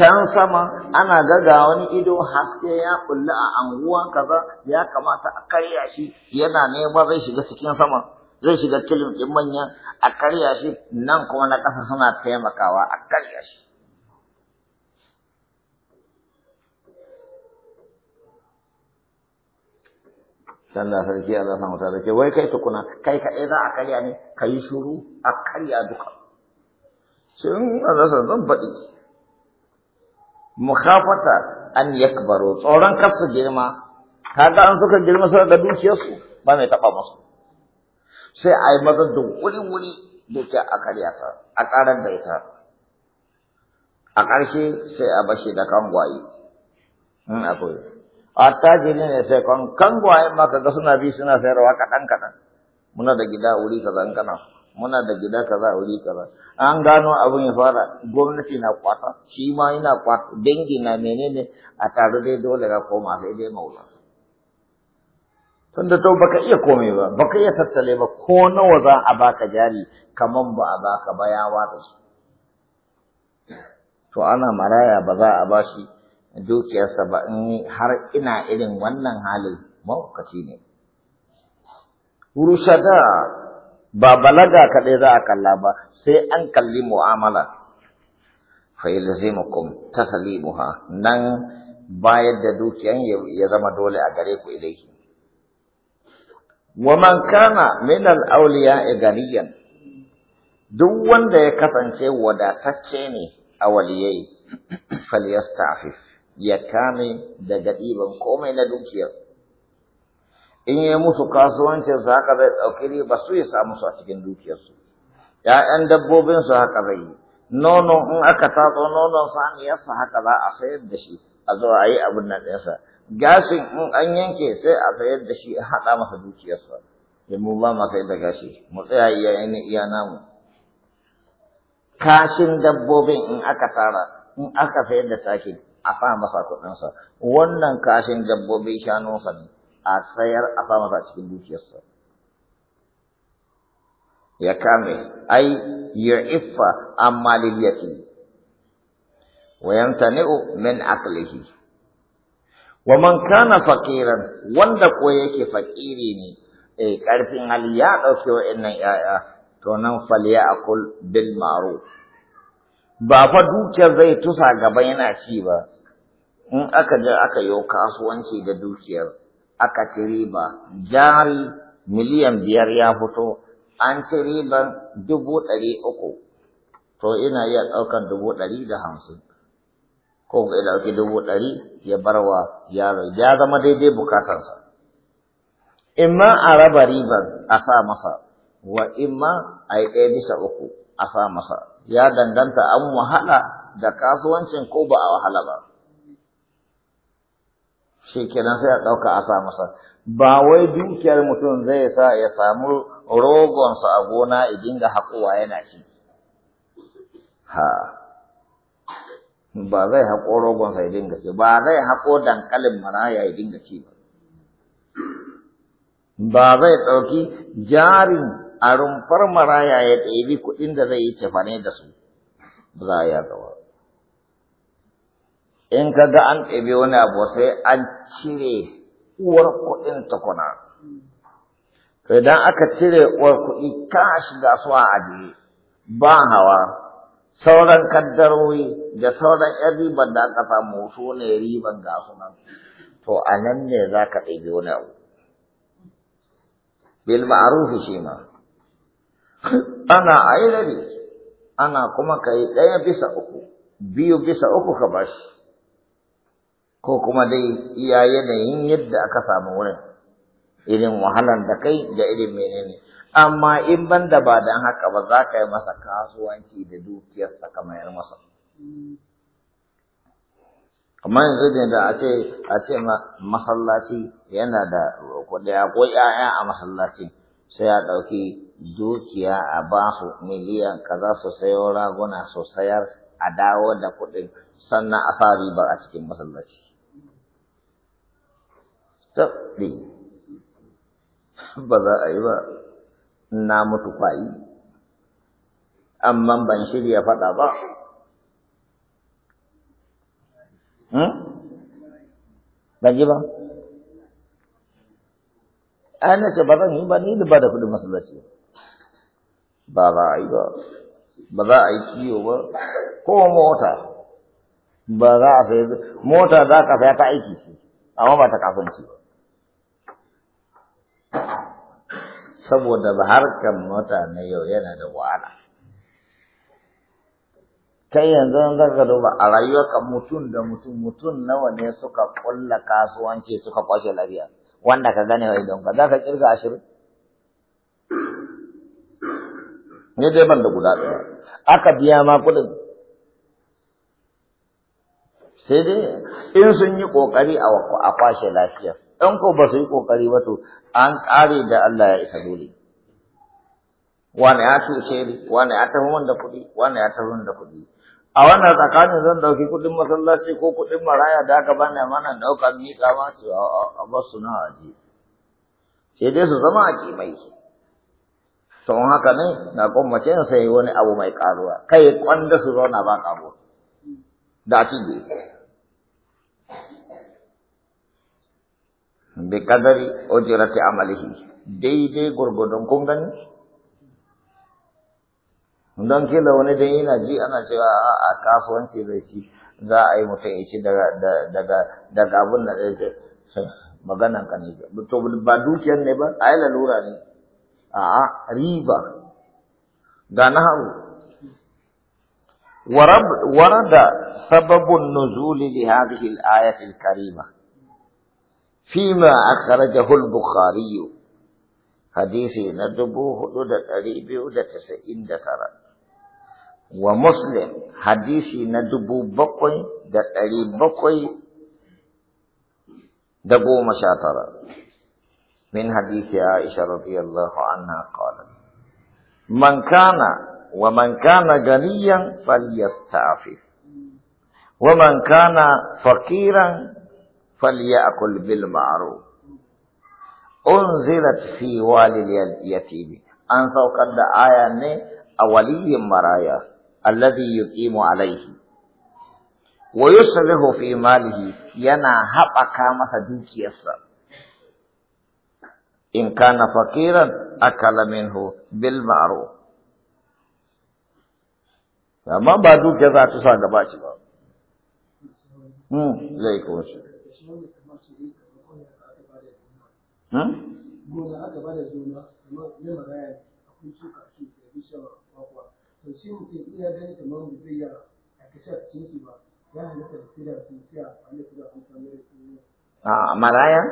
can sama ana gaga wani ido haske ya kulla a anguwa kaza ya kamata a karya shi yana neman zai shiga cikin sama zai shiga kilin ɗin manya a karya shi nan kuma na ƙasa suna taimakawa a karya shi Sanda sarki Allah samu da ke wai kai tukuna kai kaɗai za a karya ne ka yi shuru a karya duka sun azasa zan faɗi mukhafata an yakbaru tsoron kasu girma, girma kaga an suka girma suka ga dukiyarsu ba mai taɓa musu sai a yi mazan da wuri-wuri ke a karya ta a ƙarar da ita a ƙarshe sai a bashi da kangwaye in akwai tajiri ne sai kan kangwaye ma kaga suna bi suna sayarwa kaɗan kaɗan muna da gida wuri kaza in kana muna da gida kaza wuri kaza an gano abin ya fara gwamnati na kwata shi ma yana kwata dangi na menene a tare dai dole ka koma sai dai maula tunda to baka iya komai ba baka iya tattale ba ko nawa za a baka jari kaman ba a baka ba ya wata shi to ana maraya ba za a bashi dukiyarsa ba in har ina irin wannan halin mawukaci ne rushada ba balaga kaɗai za a kalla ba sai an kalli mu'amala fa yalzimukum taslimuha nan bayar da dukiyan ya zama dole a gare ku ilaihi ومن كان من الأولياء غنيا duk wanda ya kasance wadatacce ne a waliyai falyastafif ya kame daga ɗiban komai na dukiyar in yi musu kasuwanci, su haka zai ɗauki riba su ya samu su a cikin dukiyarsu ‘ya'yan dabbobin su haka zai yi nono in aka tatso nonon saniyarsa haka za a sayar da shi a zo a yi abin nan ɗinsa gashin in an yanke sai a sayar da shi a haɗa masa dukiyarsa da mu ba ma da gashi mu tsaya iya iya namu kashin dabbobin in aka tara in aka sayar da taki a sa masa kuɗinsa wannan kashin dabbobi shanunsa ne a sayar a sa masa cikin dukiyarsa ya kame ai ya iffa amma lil yatim ta min aklihi. wa man kana faqiran wanda ko yake fakiri ne eh karfin hali ya dauke wa'annan yaya to nan falyakul bil ma'ruf ba fa dukiyar zai tusa gaba yana ci ba in aka je aka yo kasuwanci da dukiyar aka ci riba jari miliyan biyar ya fito an ci riban dubu ɗari uku to ina iya ɗaukar dubu ɗari da hamsin ko ya ɗauki dubu ɗari ya bar wa yaro ya zama daidai bukatarsa imma a raba riban a sa masa wa imma a yi ɗaya bisa uku a sa masa ya danganta an wahala da kasuwancin ko ba a wahala ba shi kenan sai a ɗauka a sa masa ba wai dukiyar mutum zai sa ya samu rogonsa a gona ya dinga haƙowa yana shi ha ba zai haƙo rogonsa ya dinga ci ba zai haƙo dankalin maraya ya dinga ci ba ba zai ɗauki jarin a rumfar maraya ya ɗebi kuɗin da zai yi cefane da su ba za a yi gaba in ka ga an ɗebi wani abu sai an cire uwar kuɗin tukuna idan aka cire uwar kuɗi ka shiga su a ajiye ba hawa sauran kaddarori da sauran ‘yan riban da aka samu su ne riban ga nan, to a nan ne za ka ɗabi wani abu. Bil ma'arufi shi ma, ana ailabi, ana kuma ka yi ɗaya bisa uku, biyu bisa uku ka bashi, ko kuma dai iya yanayin yadda aka samu wurin, irin wahalar da kai ga irin menene. amma in ban da ba don haka ba za ka yi masa kasuwanci da dukiyarsa ka mayar masa kamar yanzu ne da a ce a ce masallaci yana da kuɗi ko 'ya'ya a masallaci sai a ɗauki dukiya a ba su miliyan kaza su sayo raguna su sayar a dawo da kuɗi, sannan a sa riba a cikin masallaci. ba za a yi ba. na mutu kwayi amma ban shirya faɗa ba hmm? ban ji ba ana ce ba zan yi ba ni da ba da kudin masallaci ba za a yi ba ba za a yi kiyo ba ko mota ba za a sai mota za ka saya ta aiki shi, amma ba ta kasuwanci ba saboda mota mutane yau yana da wahala kai yanzu za ka duba a rayuwarka mutum da mutum mutum nawa ne suka kulla kasuwanci suka kwashe lafiya wanda ka gane wa idonka za ka kirga ashirin ne dai ban da guda ɗaya aka biya ma kuɗin sai dai in sun yi ƙoƙari a kwashe lafiyar in ko ba su yi ƙoƙari ba to an ƙare da Allah ya isa dole. Wane ya tushe ni, wane ya tafi wanda kuɗi, wane ya tafi wanda kuɗi. A wannan tsakanin zan dauki kuɗin masallaci ko kuɗin maraya da aka bani mana ɗauka miƙa ma su a basu na aji. Sai dai su zama a kimai. To in haka ne na gwammace in sai wani abu mai ƙaruwa, kai kwanda su zauna ba ƙaruwa. Da a bi kadari ujrati amalihi daidai gurgudun kun gani don kila wani dan yana ji ana cewa a a kasuwanci zai ci za a yi mutum ya ci daga daga daga abun da zai ce [LAUGHS] maganan ka ne to ba dukiyar ne ba a yi lalura ne a'a riba ga nahawu ورد سبب النزول لهذه الآية الكريمة فيما أخرجه البخاري حديثي ندبوه لدى قريب لدى تسعين دترا ومسلم حديثي ندبو بقوي دى الأريب بقوي دبو مشاترا من حديث عائشة رضي الله عنها قالت من كان ومن كان غنيا فليستعفف ومن كان فقيرا فليأكل بالمعروف أنزلت في والي اليتيم أن قد آية أولي مرايا الذي يقيم عليه ويصلح في ماله ينا حقك مسدوك يسر إن كان فقيرا أكل منه بالمعروف ما بعدو كذا za ta sa gaba shi A ah, maraya?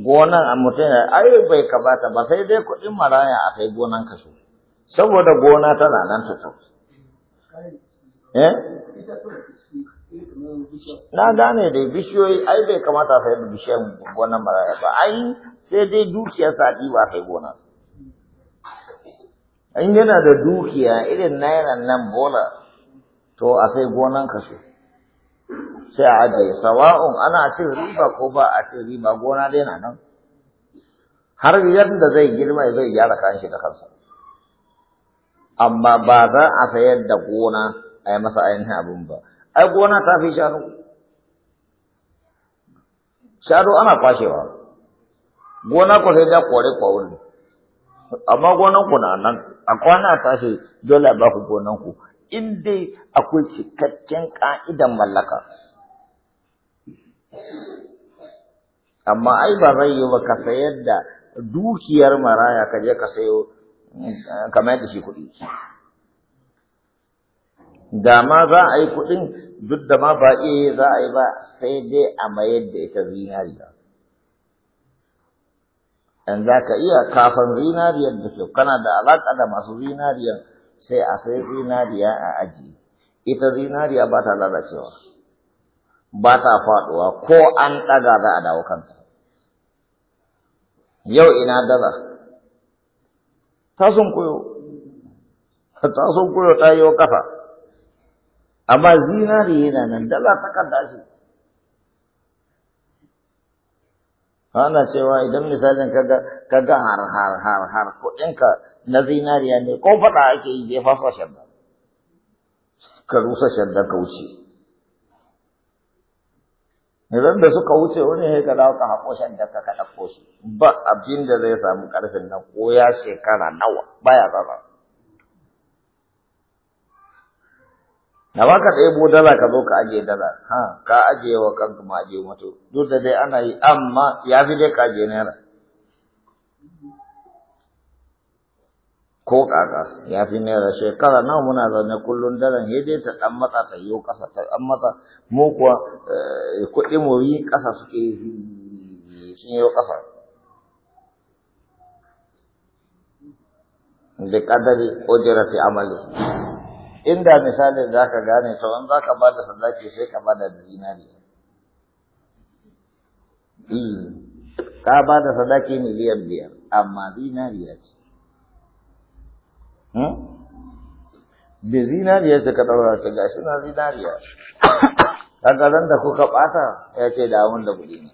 Gonan a mutum ai bai kabata ba sai dai maraya a kai gonan kaso. Saboda gona tana nan tutu. Eh? Na gane dai bishiyoyi ai bai kamata a sayar da bishiyan gonan maraya ba, ai sai dai dukiya sa ba sai gona. In yana da dukiya irin naira nan bola, to a sai gonan ka so. Sai a ajiye, sawa'un ana cin riba ko ba a cin riba gona dai na nan. Har yadda zai girma zai gyara kan shi da kansa. Amma ba za a sayar da gona a yi masa ainihin abin ba. ai gona ta fi shanu shanu ana kwashewa gona ku sai da kore kwaurin amma gonan ku na nan a kwana ta shi dole a ba ku gonan ku in dai akwai cikakken ka'idan mallaka amma ai ba zai yi ba ka sayar da dukiyar maraya ka je ka sayo eh, kamar da shi kuɗi da ma za a yi kuɗin duk da ma ba iya za a yi ba sai dai a mayar da ita zinariya in za ka iya kafin zinariyar da kyau kana da alaƙa da masu zinariyar sai a sai zinariya a aji ita zinariya ba ta lalacewa ba ta faɗuwa ko an ɗaga za a dawo kanta yau ina daga ta sun koyo ta sun koyo ta yi kafa amma zinari yana nan dala kanta shi ana cewa idan misalin kaga kaga har har har har kuɗinka na zinariya ne ko faɗa ake yi zai fasa shadda ka rusa shadda ka wuce idan da suka wuce wani ya ka dawo ka haƙo shadda ka ka ɗauko shi ba abin da zai samu ƙarfin nan ko ya shekara nawa baya raba. da ba ka ɗebo dala ka zo ka ajiye dala ha ka ajiye wa kanka ma ajiye mutu duk da dai ana yi amma ya fi dai ka ajiye naira ko kaka ya fi naira shekara nawa muna zaune kullum dalan ya dai ta ɗan matsa ta yiwu ƙasa ta ɗan matsa mu kuwa eh, kuɗi mu yi ƙasa suke sun yiwu ƙasa da ƙadari ƙudirati amali inda misalin za ka gane sauran za ka ba da sadaki sai ka ba da dinari hmm. ka ba da sadaki miliyan biyar amma zinariya ce hmm? bi zinariya ce ka ɗaura ta gashi na zinariya kagaran da kuka ɓata ya ce da da kuɗi ne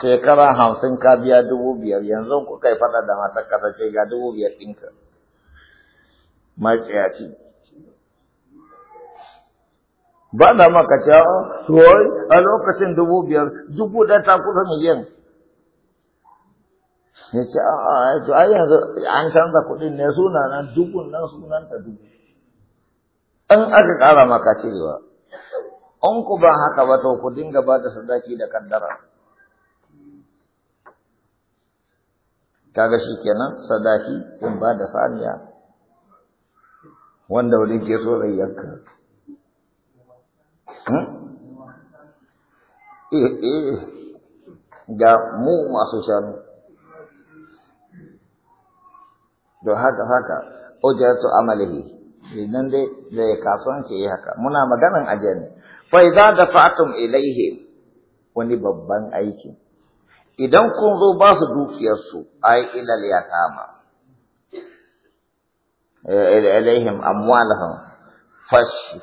shekara hamsin ka biya dubu biyar yanzu kuka yi faɗa da matar kasa ce ga dubu biyar ɗinka maciyaci ba da maka cewa suwai a lokacin dubu biyar dubu ɗaya ta kusa miliyan ya ce a yanzu an canza kuɗin ne suna nan dubun nan sunan ta dubu an aka ƙara maka cewa an ku ba haka ba ta ku dinga ba da sadaki da kaddara kaga shi kenan sadaki in ba da saniya wanda wani ke so zai yanka hmm? eh, eh, ga mu masu shanu don haka haka ujatu amalihi idan dai da ya kasuwanci yi haka muna maganin ajiyar ne za da fatun ilaihe wani babban aiki idan kun zo ba su dukiyarsu ai ilal kama. alaihim amwalahum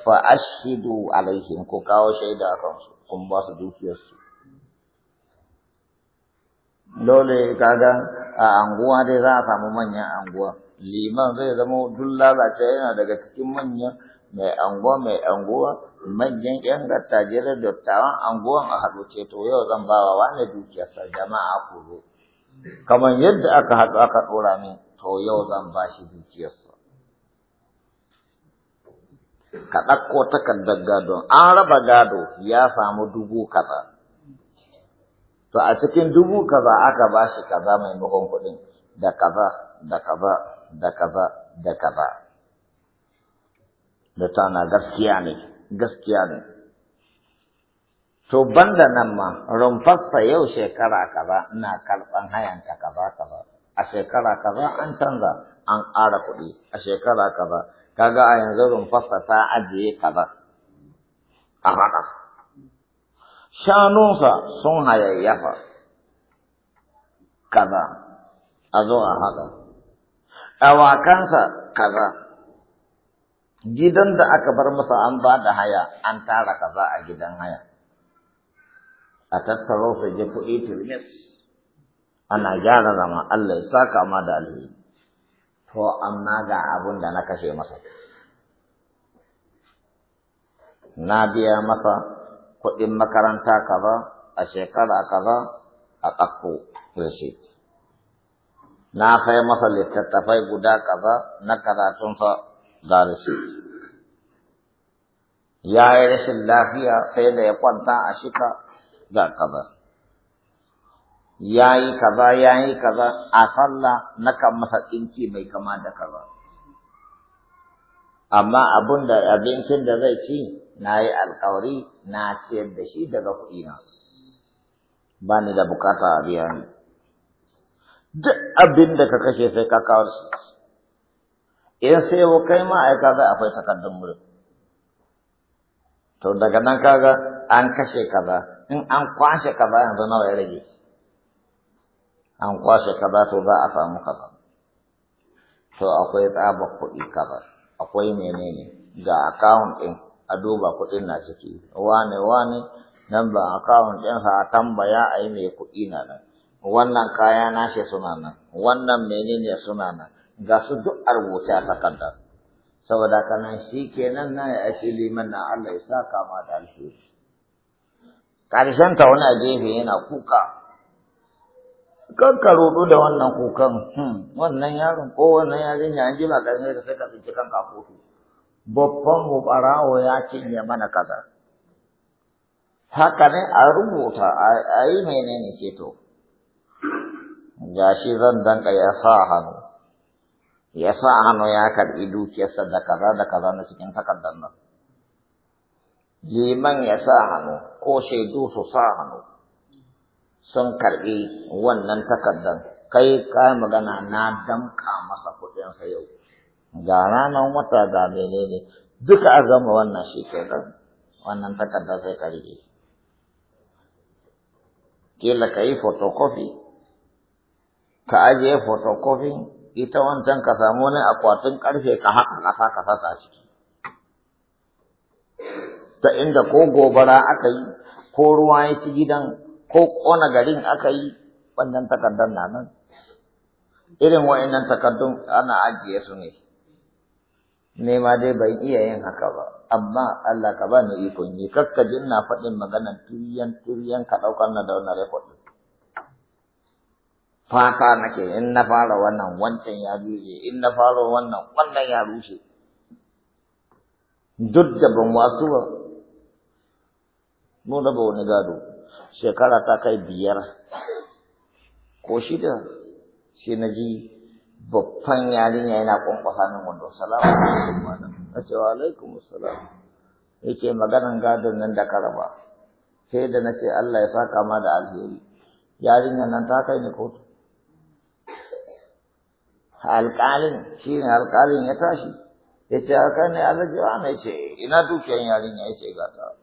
fa ashidu alaihim ko kawo shaida kan su kun ba su dukiyar su dole kaga a anguwa dai za a samu manyan anguwa liman zai zama duk lalace yana daga cikin manyan mai anguwa mai anguwa manyan yan da dattawan anguwan a haɗu ce to yau zan ba bawa wani sa jama'a ku zo kamar yadda aka haɗu aka ɗora min to yau zan ba shi dukiyarsa ka ɗauko takardar gadon an raba gado ya samu dubu kaza to a cikin dubu kaza aka ba shi kaza maimakon kuɗin da kaza da kaza da kaza da kaza da tana gaskiya ne gaskiya ne to banda nan ma rumfasta yau shekara kaza na karɓan hayanta kaza kaza a shekara kaza an canza an ƙara kuɗi a shekara kaza kaga a yanzu rumfarsa ta ajiye kaza a haɗa shanunsa sun hayayyafa kaza a zo a haɗa ɗawakansa kaza gidan da aka bar masa an ba da haya an tara kaza a gidan haya a tattaro su je kuɗi turmis ana gyara zama Allah ya saka ma da alheri to amma ga abun da na kashe masa na biya masa kuɗin makaranta kaza a shekara kaza a ƙafo rashi na kai masa littattafai guda kaza na karatunsa ga rashi ya yi rashin lafiya sai da ya kwanta a shika ga kaza ya yi kaza ya yi kaza a sallah na kan masa ɗinki mai kama da kaza amma abun da abincin da zai ci na yi alkawari na ciyar da shi daga kuɗina ba ni da bukata a biya ni duk abin da ka kashe sai ka kawar shi in sai wa kai ma ai kaga akwai takardun mulki to daga nan kaga an kashe kaza in an kwashe kaza yanzu nawa ya rage an kwashe kaza to za a samu kaza to akwai tsaba kuɗi kaza akwai menene ga akawun ɗin a duba kuɗin na ciki wane wane nan ba akawun ɗinsa a tambaya a yi mai kuɗi na nan wannan kaya nashi suna nan wannan menene suna nan ga su duk a rubuce a takardar saboda kana shi kenan na ya ashe liman na Allah ya sa kama da alheri karshen ta wani gefe yana kuka ka roɗo da wannan kukan hmm. wannan yaron ko wannan yarinya ya ji ka sai sai ka kan kanka kotu babban mu barawo ya cinye mana kaza haka ne a rubuta a yi menene ceto gashi zan danka ya sa hannu ya sa hannu ya karɓi dukiyarsa da kaza da kaza na cikin takardar nan liman ya sa hannu ko shaidu su sa hannu sun karɓi wannan takardar kai ka magana na damka masa kuɗinsa yau ga ranar wata ga menene duka a gama wannan shekarar wannan takardar sai ka riƙe kila ka yi photocopy ka ajiye photocopy ita wancan ka samu wani akwatin karfe ka haka kasa ka saka ciki ta inda ko gobara aka yi ko ruwa ya ci gidan ko kona garin aka yi wannan takardar na nan irin wa'annan takardun ana ajiye su ne nema dai ban iya yin haka ba amma Allah ka ba ni ikon yi kakka jin na faɗin maganan tiriyan ka ɗaukar na da wannan rekod fata nake in na fara wannan wancan ya rushe in na fara wannan wannan ya rushe duk da ban wasu ba mu raba wani gado shekara ta kai biyar ko shida sai na ji babban yarinya yana kwankwasa min wando salamu alaikum malam na ce wa alaikum salam ya ce maganan gadon nan da karaba sai da na ce Allah ya saka ma da alheri yarinya nan ta kai ni kotu alƙalin shi ne alƙalin ya tashi ya ce alƙalin ne alaji wa ya ce ina dukiyar yarinya ya ce gata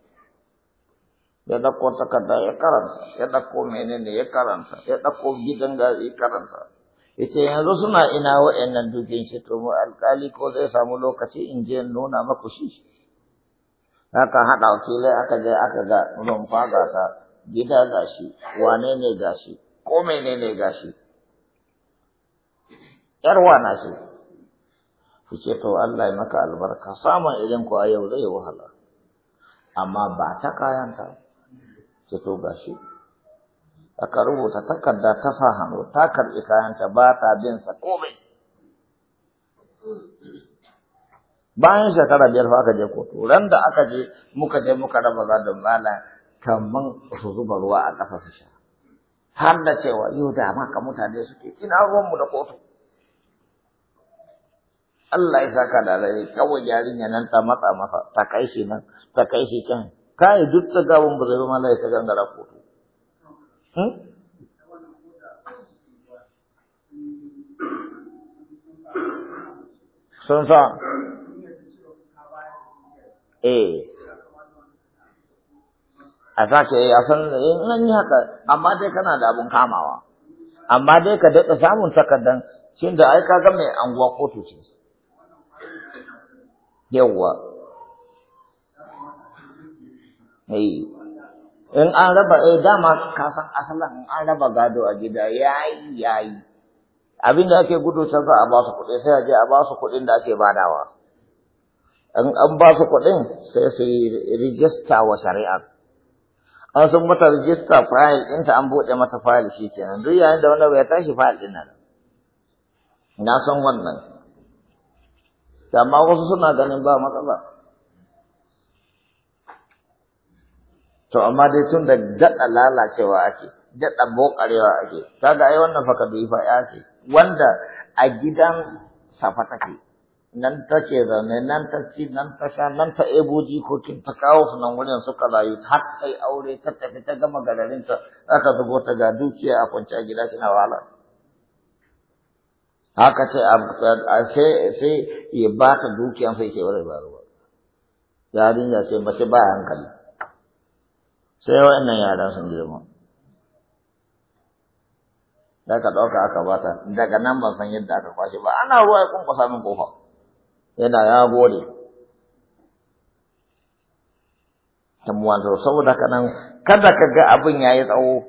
ya ɗauko takarda ya karanta ya ɗauko menene ya karanta ya ɗauko gidan gari ya karanta yace yanzu suna ina wa'annan dukin shi to mu alƙali ko zai samu lokaci in je nuna maku shi haka haɗa wakilai aka je aka ga rumfa ga ta gida ga shi wane ne ga shi ko menene ga shi ‘Yar wana shi ku to Allah ya maka albarka samun irin ku a yau zai wahala amma ba ta kayanta ce to gashi aka rubuta takarda ta sa hannu ta karbi kayanta ba ta bin sa komai bayan shekara biyar fa aka je kotu ran da aka je muka je muka raba za da mala kaman su zuba ruwa a ƙasa su sha har da cewa yau da ma ka mutane suke ina ruwan mu da kotu Allah ya saka da rai kawai yarinya nan ta matsa masa ta kai shi nan ta kai shi kan kai duk tsagabon ba zai ba mala ya ta gangara kotu hmm? sun sa eh a sake a san nan eh, an yi haka amma dai kana da abun kamawa amma dai ka daɗa samun takardan shin da ai ga mai anguwa kotu ce yawwa Hey. In an raba, eh dama ka san asalin in an raba gado a gida yayi yayi. Abin da ake gudu ta za a ba su kuɗi sai a je a ba su kuɗin da ake badawa. In an ba su kuɗin sai su yi rijista wa shari'a. An sun mata rijista fayil ɗinta an buɗe mata fayil shi kenan duk yayin da wanda bai tashi fayil ɗin nan. Na san wannan. Amma wasu suna ganin ba matsala. to amma dai tun da daɗa lalacewa ake daɗa bokarewa ake kaga ai wannan faka dufa ya ce wanda a gidan safa take nan take zaune nan ta ci nan ta sha nan ta ebo jikokin ta kawo nan wurin suka rayu har sai aure ta tafi ta gama gararinta aka zubo ta ga dukiya a kwanci a gida kina wahala haka ce a sai sai ya ba ta dukiyan sai ke wurin ba ruwa yarinya ce mace ba hankali sai wa'annan yaran sun girma da ka ɗauka aka bata daga nan ba san yadda aka kwashe ba ana ruwa ya kunkusa min kofa yana ya gode tamuwan to saboda ka nan kada ka ga abin yayi tsawo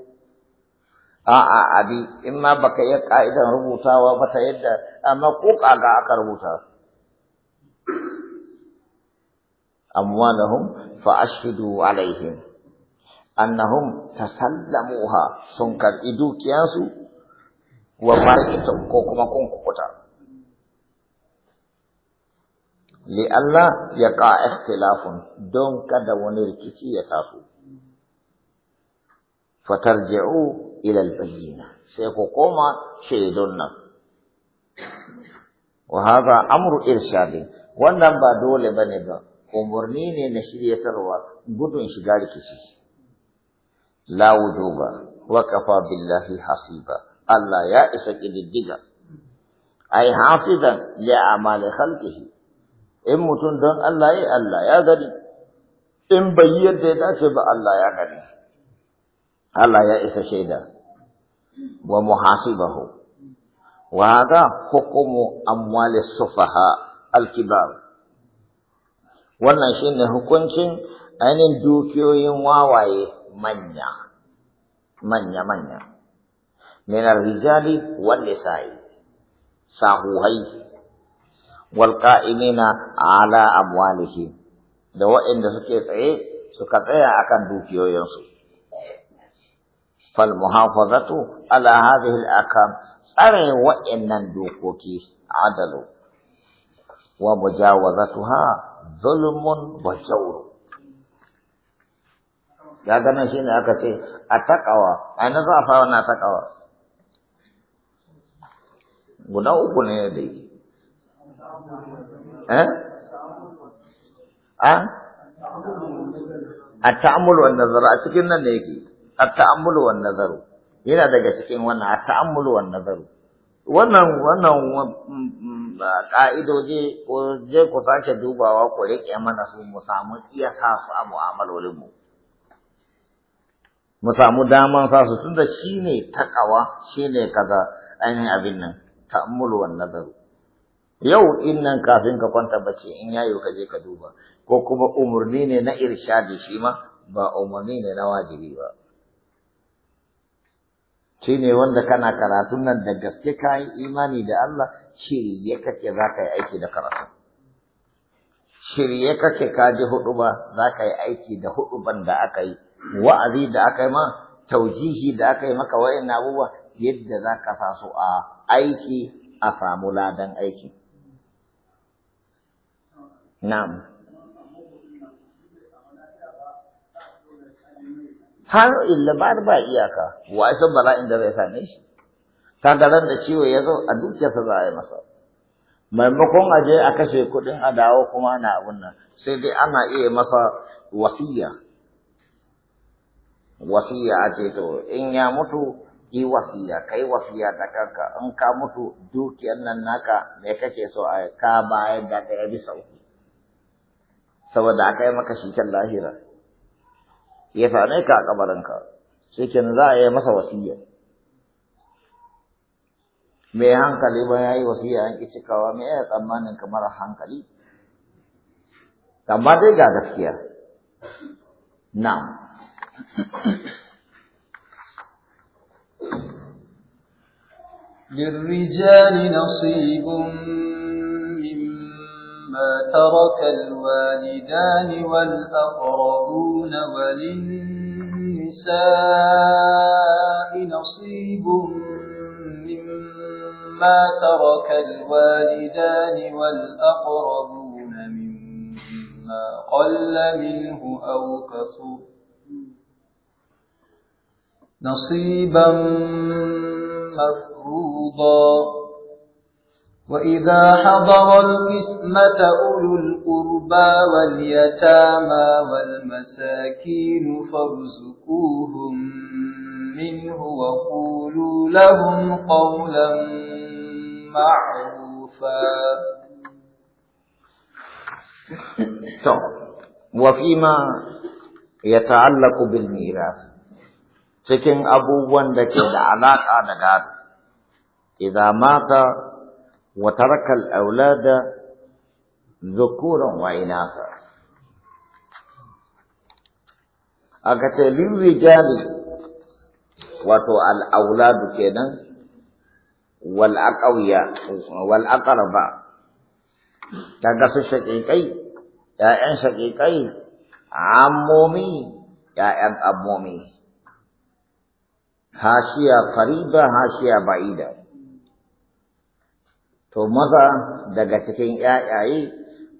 a'a abi in ma baka yi ka'idan rubutawa ba ta yadda amma ko kaga aka rubuta amwalahum fa ashhidu alaihim annahum tasallamuha sun karɓi dukiyansu wa farqita ko kuma kun kukuta li Allah ya ka ikhtilafun don kada wani rikici ya taso fatar ila al-bayyina sai ku koma shaidun nan wa hadha amru irshadi wannan ba dole bane ba umarni ne na shiryatarwa gudun shiga rikici la wujuba wa kafa billahi hasiba Allah ya isa kididdiga ai hafizan li amali khalqihi in mutum don Allah ya Allah ya gani in bai yadda ya dace ba Allah ya gani Allah ya isa shaida wa muhasibahu wa hada hukumu amwali sufaha alkibar wannan shine hukuncin ainihin dukiyoyin wawaye manya manya-manya minar rijali wal nisa'i sahuhai wal qa'imina ala amwalihim da wa'inda suke tsaye suka tsaya akan dukiyoyinsu fal muhafazatu ala hadhihi al akam tsare wa'innan dokoki adalu wa mujawazatuha zulmun wa jawrun ya shi ne aka ce a takawa a na zafa na takawa guda uku ne da yi a eh? a ah? ta'ammul wan nazaru a cikin nan ne yake a ta'ammul wa nazaru yana daga cikin wannan a ta'ammul wa nazaru wannan wannan mm, mm, ka'idoji ko je ku sake dubawa ku rike mana su mu samu iya sa su a mu'amalolin mu mu samu daman sa su tunda ne takawa ne kaza ainihin abin nan ta'ammulu nazaru yau in nan kafin ka kwanta bace in yayo ka je ka duba ko kuma umurni ne na irshadi shi ma ba umarni ne na wajibi ba shi ne wanda kana karatun nan da gaske ka yi imani da Allah shirye kake za ka yi aiki da karatu shirye kake ka ji hudu ba za ka yi aiki da hudu ban da aka yi wa'azi da aka yi ma taujihi da aka yi maka wayan abubuwa yadda za ka sa su a aiki a samu ladan aiki na'am har illa ba ba iyaka wa san bala'in da zai same shi Ta daren da ciwo ya zo a dukiyarsa za a yi masa maimakon aje a kashe kuɗin a dawo kuma na abun nan sai dai ana iya masa wasiya wasiya a ce to in ya mutu yi wasiya kai wasiya da kanka in ka mutu dukiyar nan naka me kake so a ka bayar da ɗaya bisa saboda aka yi maka shi kan lahira ya same ka a kabarinka shi za a yi masa wasiya mai hankali ba ya yi wasiya an ki cikawa mai ya tsammanin kamar hankali amma dai ga gaskiya na'am للرجال نصيب مما ترك الوالدان والأقربون وللنساء نصيب مما ترك الوالدان والأقربون مما قل منه أو كثر نصيبا مفروضا وإذا حضر القسمة أولو القربى واليتامى والمساكين فارزقوهم منه وقولوا لهم قولا معروفا وفيما يتعلق بالميراث cikin abubuwan da ke da alaka da gado idza mata wa taraka al-aulada dhukuran wa inatha aka ce lin rijali wato al-auladu kenan wal aqawiya wal aqraba daga su shaqiqai ya'yan shaqiqai ammomi ya'yan ammomi hashiya fariba hashiya ba'ida to maza daga cikin ƴaƴaye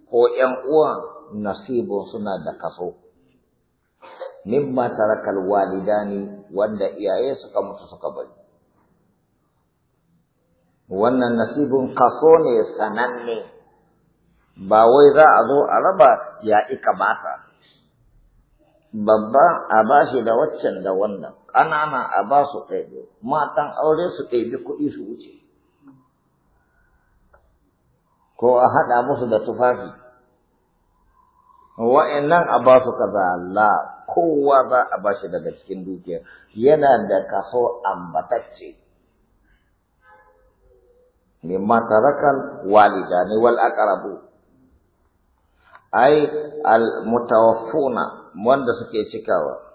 ko ƴan uwa nasibu suna da kaso mimma tarakal walidani wanda iyaye suka mutu suka bari wannan nasibun kaso ne sananne ba wai za a zo a raba ya ika mata. babba a bashi da waccan da wannan anak a abah su ɗaiɗo matan aure su ɗaiɗi kuɗi isu wuce ko a haɗa musu da tufafi wa'annan a ba su kaza la kowa za a ba daga cikin dukiya yana da kaso ambatacce mimma tarakal walidani wal akarabu ai al mutawafuna. wanda suke cikawa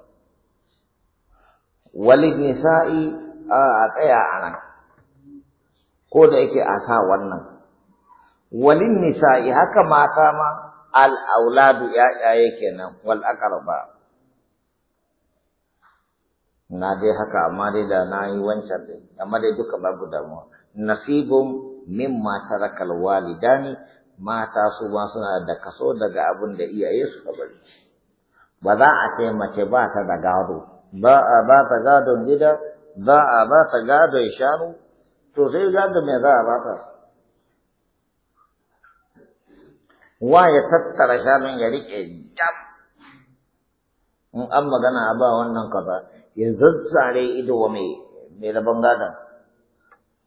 walin nisa'i a tsaya a nan ko da yake a sa wannan walin nisa'i haka mata ma al'auladu ‘ya'yaye kenan wal aqraba na dai haka amma dai da na yi wancan dai amma dai duka babu damuwa nasibun mimma tarakal walidani mata su ma suna da kaso daga abin da iyaye suka bari ba za a taimace ba ta da gado ba a ba ta gadon gida ba a ba ta gadon shanu to sai gadon mai za a ba ta wa ya tattara shanun ya riƙe jam in an magana a ba wannan kaza ya zazzare ido wa mai mai rabon gadon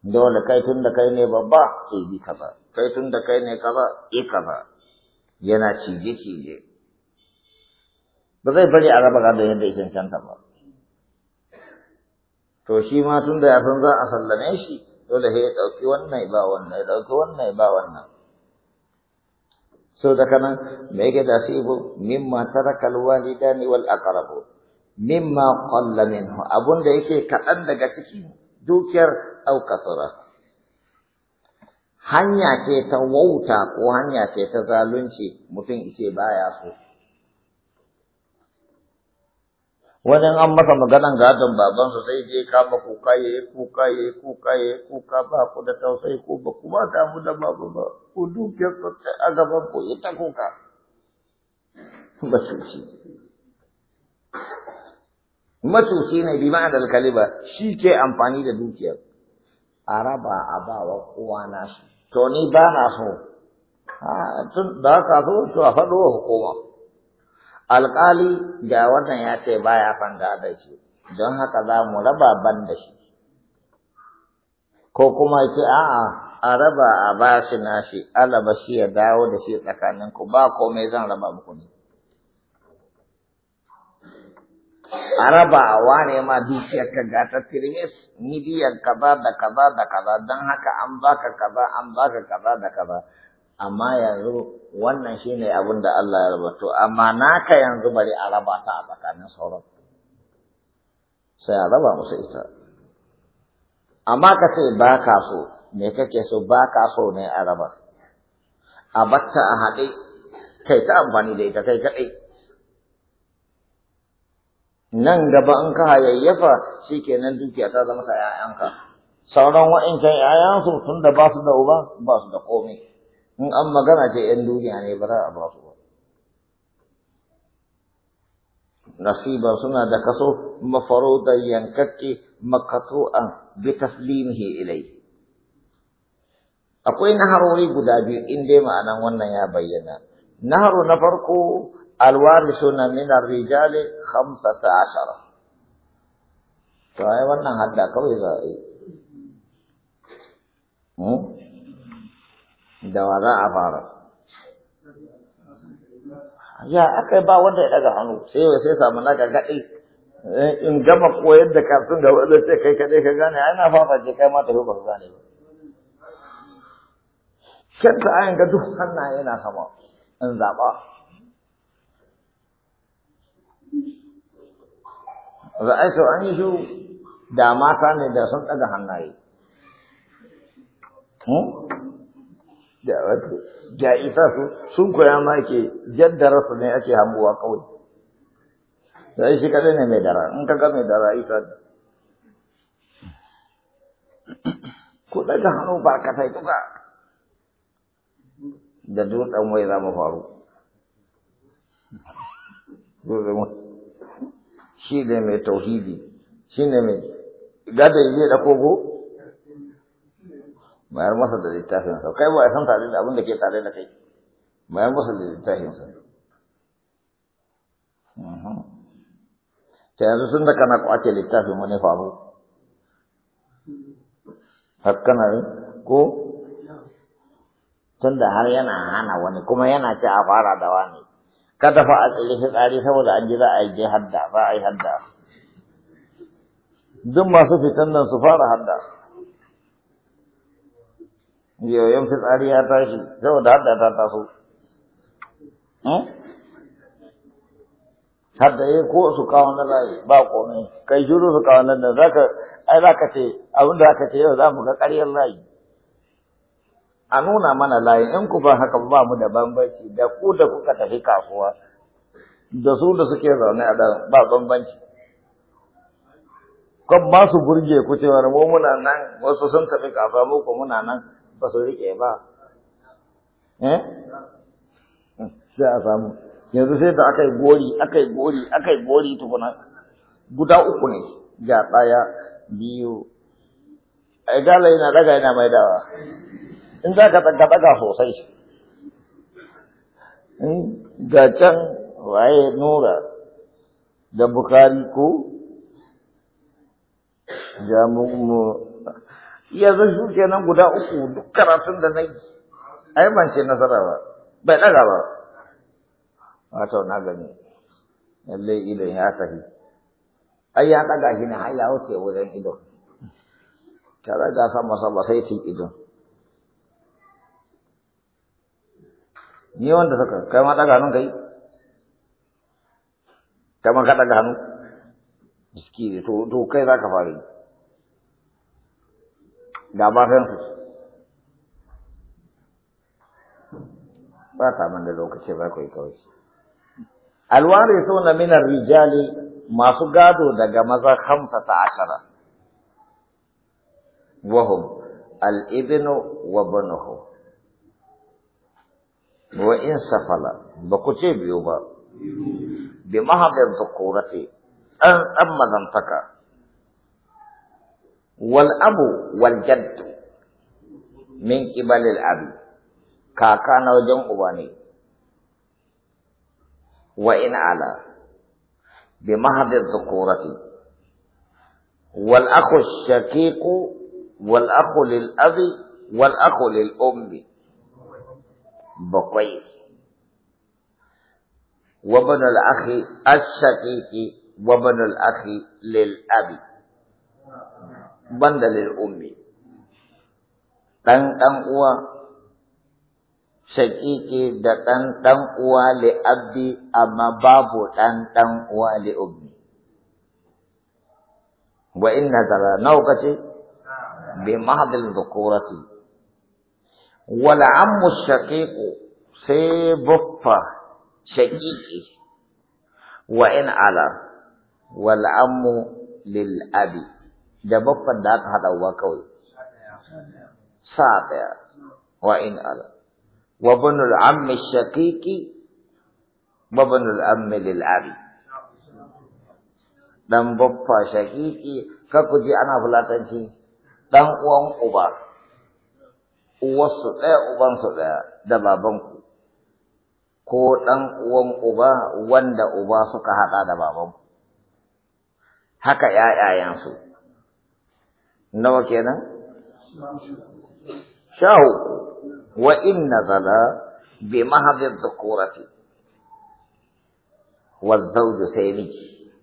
dole kai tun da kai ne babba ke bi kaza kai tun da kai ne kaza e kaza yana cije cije ba zai bari a raba gado yadda ya cancanta ba to shi ma tun da za a sallame shi dole sai ya ɗauki wannan ba wannan ya ɗauki wannan ba wannan So da kanan me yake da sibu mimma taraka alwalidani wal aqrabu mimma qalla minhu abun da yake kaɗan daga ciki dukiyar au kasara hanya ce ta wauta ko hanya ce ta zalunci mutum ice baya so wani an masa maganan gadon babansa sai je kama kuka ya yi kuka ya yi kuka ya yi kuka ba ku da tausayi ko ba ku ba damu da babu ba ku dukiyar sosai a gaban ku ita kuka ci matuci ne bi ma'anar kaliba shi ke amfani da dukiyar a raba a ba wa kowa nasu to ni ba na so tun da so to a faɗo wa hukuma alƙali ga wannan ya ce baya fanga da shi don haka za mu raba ban da shi ko kuma ce a'a a raba a ba shi nashi alaba shi ya dawo da shi tsakaninku ba komai zan raba muku ne a raba a wane ma dukiyar ka ga ta tirmis miliyan kaza da kaza da kaza don haka an baka kaza an baka kaza da kaza amma yanzu wannan shine abin da Allah ya raba to amma naka yanzu bari a raba ta a tsakanin sauran sai a raba musu ita amma ka ce ba ka so me kake so ba ka so ne a raba a batta a haɗe kai ta amfani da ita kai kaɗai nan gaba in ka hayayyafa nan dukiya ta zama ta 'ya'yanka sauran wa'incan 'ya'yansu tun da ba su da uba ba su da komai in an magana ce ‘yan duniya ne ba za a ba su ba. Nasiba suna da kaso mafaro da yankakke makatu'an bi taslimihi ilai. Akwai naharori guda biyu in dai ma'anan wannan ya bayyana. Naharo na farko alwarisuna suna ar-rijali ta ashara. To ai wannan hadda kawai za a yi. Hmm? da wa za a fara ya aka yi ba wanda ya daga hannu sai wa sai samu naka gaɗi eh, in gama koyar da kafin da wanda sai kai kaɗai ka gane ana fara ce kai ma tafi ba ka gane ba kenta ayin ga duk hannaye yana sama in zaɓa sau an yi su da mata ne da sun ɗaga hannaye. Hmm? da isa su sun koya ma ke jaddara su ne ake hamuwa kawai da shi kada ne mai dara in ka ga mai dara isa ko ko daga hannu ba ka sai tuka da dan wai za mu faru shi ne mai tauhidi shi ne mai gada yi da kogo mayar masa da sa kai ba ya san tare da abin da ke tare da kai mayar masa da sa mhm. ta yanzu sun da kana kwace littafin wani faru hakkana ko tun da har yana hana wani kuma yana ce a fara da wani kada fa a tsili fitsari saboda an ji za a yi hadda za a yi hadda duk masu fitan nan su fara hadda yoyon fitsari ya tashi saboda hadda ta taso eh? hadda ya eh, ko su kawo na layi ba komai kai shiru su kawo nan da zaka ai zaka ce abin da zaka ce yau za mu ga ƙaryar layi a nuna mana layi in ku ba haka ba mu da bambanci da ku da kuka tafi kasuwa da su da suke zaune a da ba bambanci kan ba su burge ku cewa mu muna nan wasu sun tafi kasuwa mu ko muna nan ba su riƙe ba eh hmm, sai a samu yanzu sai da aka yi gori aka yi gori aka yi gori tukuna guda uku ne ga ɗaya biyu a gala yana daga yana mai dawa in za ka ɗaga ɗaga sosai hmm, ga can waye nura da bukari ko ja mu Yanzu zan su kenan guda uku duk karatun da na yi ai ban ce nasara ba bai ɗaga ba wato na gani lalle idon ya tafi ai ya ɗaga shi ne har ya wuce wurin ido. ta daga sama sama sai tun idon ni wanda saka kai ma ɗaga nan kai kai ma ka ɗaga hannu miski to kai za ka fara yi ga bafansu ba ta da lokaci ba ku yi kawai alwari na minar rijali masu gado daga maza hamsa ta ashara wahum al'ibinu wa banuhu wa in safala ba ku ce biyu ba bi su zukurati ɗan ɗan mazantaka والأب والجد من قبل الأب كاكان وجن أباني وإن على بمهد الذكورة والأخ الشقيق والأخ للأب والأخ للأم بقيس وابن الأخ الشقيق وابن الأخ للأب banda lil ummi dan dan uwa sekiki datang tang uwa li abdi ama babu dan dan uwa li ummi wa inna tala naukati bi dhukurati wal ammu shaqiqu sai buffa sekiki wa in ala wal ammu lil abi da babban da aka haɗa uwa kawai sa ɗaya wa in ala wa bunul ammi shaqiqi wa bunul ammi lil abi dan babba shaqiqi ka ku ji ana fulatanci dan uwan uba uwarsu ɗaya ubansu ɗaya da babanku ko ɗan uwan uba wanda uba suka haɗa da babanku haka ‘ya'yayensu nawa kenan Shahu. wa inna nazala bi mahadhi dhukurati wa zawju sai miji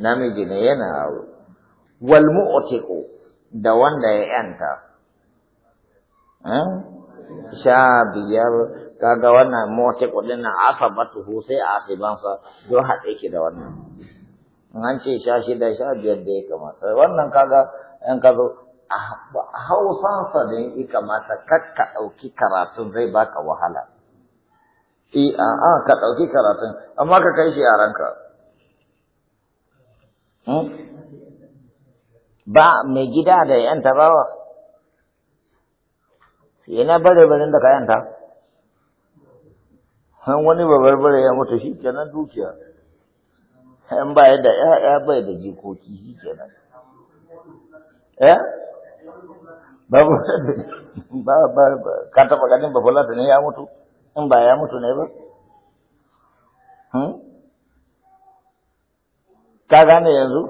namiji ne yana aure wal mu'tiqu da wanda ya yanta sha biyar kaga wannan mu'tiqu din asabatuhu sai asibansa don haɗe ki da wannan an ce sha shida sha biyar da ya kamata wannan kaga in ka zo a ah, hausansa da ya kamata ka ɗauki karatun zai baka wahala i a ah, a ah, ka ɗauki karatun amma ka kai shi yaranka ba mai gida da yanta ba wa? yana bare barin da ka yanta? han wani bare ya mutu shi kenan dukiya Han ba da ya bai da jikoki shi kenan Ya? Eh? babu [LAUGHS] ba ba ka taɓa ganin ba fulata ne ya mutu in ba ya mutu ne ba hmm? ka gane yanzu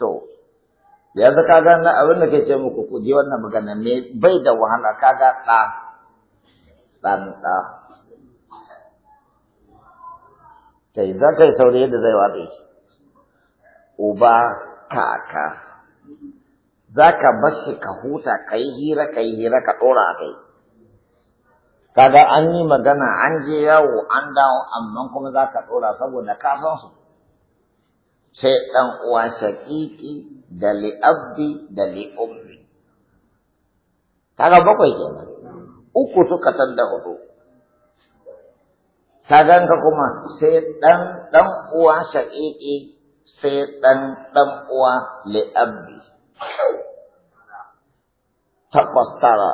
to yanzu ka gane abin da ke ce muku ku ji wannan magana me bai da wahala ka ga ɗa ɗan ɗa kai za ka yi saurayi yadda zai waɗe uba kaka za ka bar shi ka huta ka yi hira ka yi hira ka ɗora a kai kaga an yi magana an je yawo an dawo amma kuma za ka ɗora saboda ka san su sai ɗan uwa shaƙiƙi da li'abdi da li'ummi kaga bakwai kenan uku suka da hudu kaganka kuma sai ɗan ɗan uwa shaƙiƙi sai ɗan ɗan uwa li'abdi tabbas tara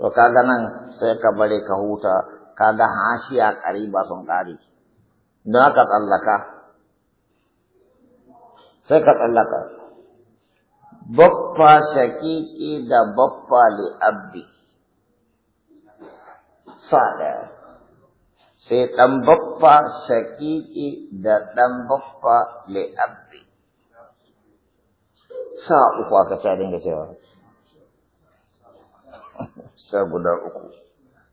to kaga nan sai ka bare ka huta kaga hashiya kariba sun kare don ka tsallaka sai ka tsallaka baffa shakiki da baffa li abdi sada sai dan baffa shakiki da dan baffa li abdi sa uku aka sa dinga cewa [LAUGHS] sa guda uku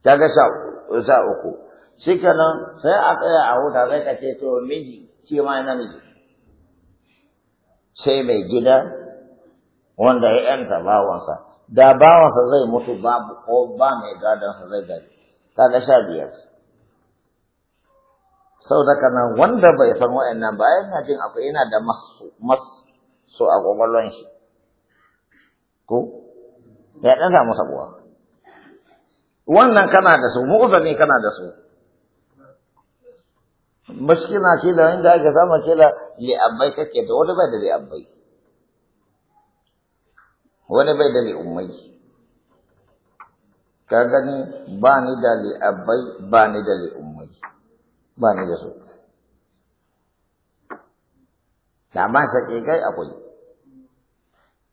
ta ga sa uku uku. shi kenan sai a tsaya a huta sai ka ce to miji shi ma yana miji sai mai gida wanda ya yanta bawansa da bawansa zai mutu babu ko ba mai gadonsa zai gari ga sha biyar sau da kana wanda bai san wa'annan ba yana jin akwai yana da masu so a ƙwaƙwalon shi ko ya ɗan samu sabuwa wannan kana da su mu'uza ne kana da su na ce da wanda aka samu ce da li'abbai kake da wani bai da li'abbai wani bai da li'ummai ka gani ba ni da li'abbai ba ni da li'ummai ba ni da su da ma shaƙe kai akwai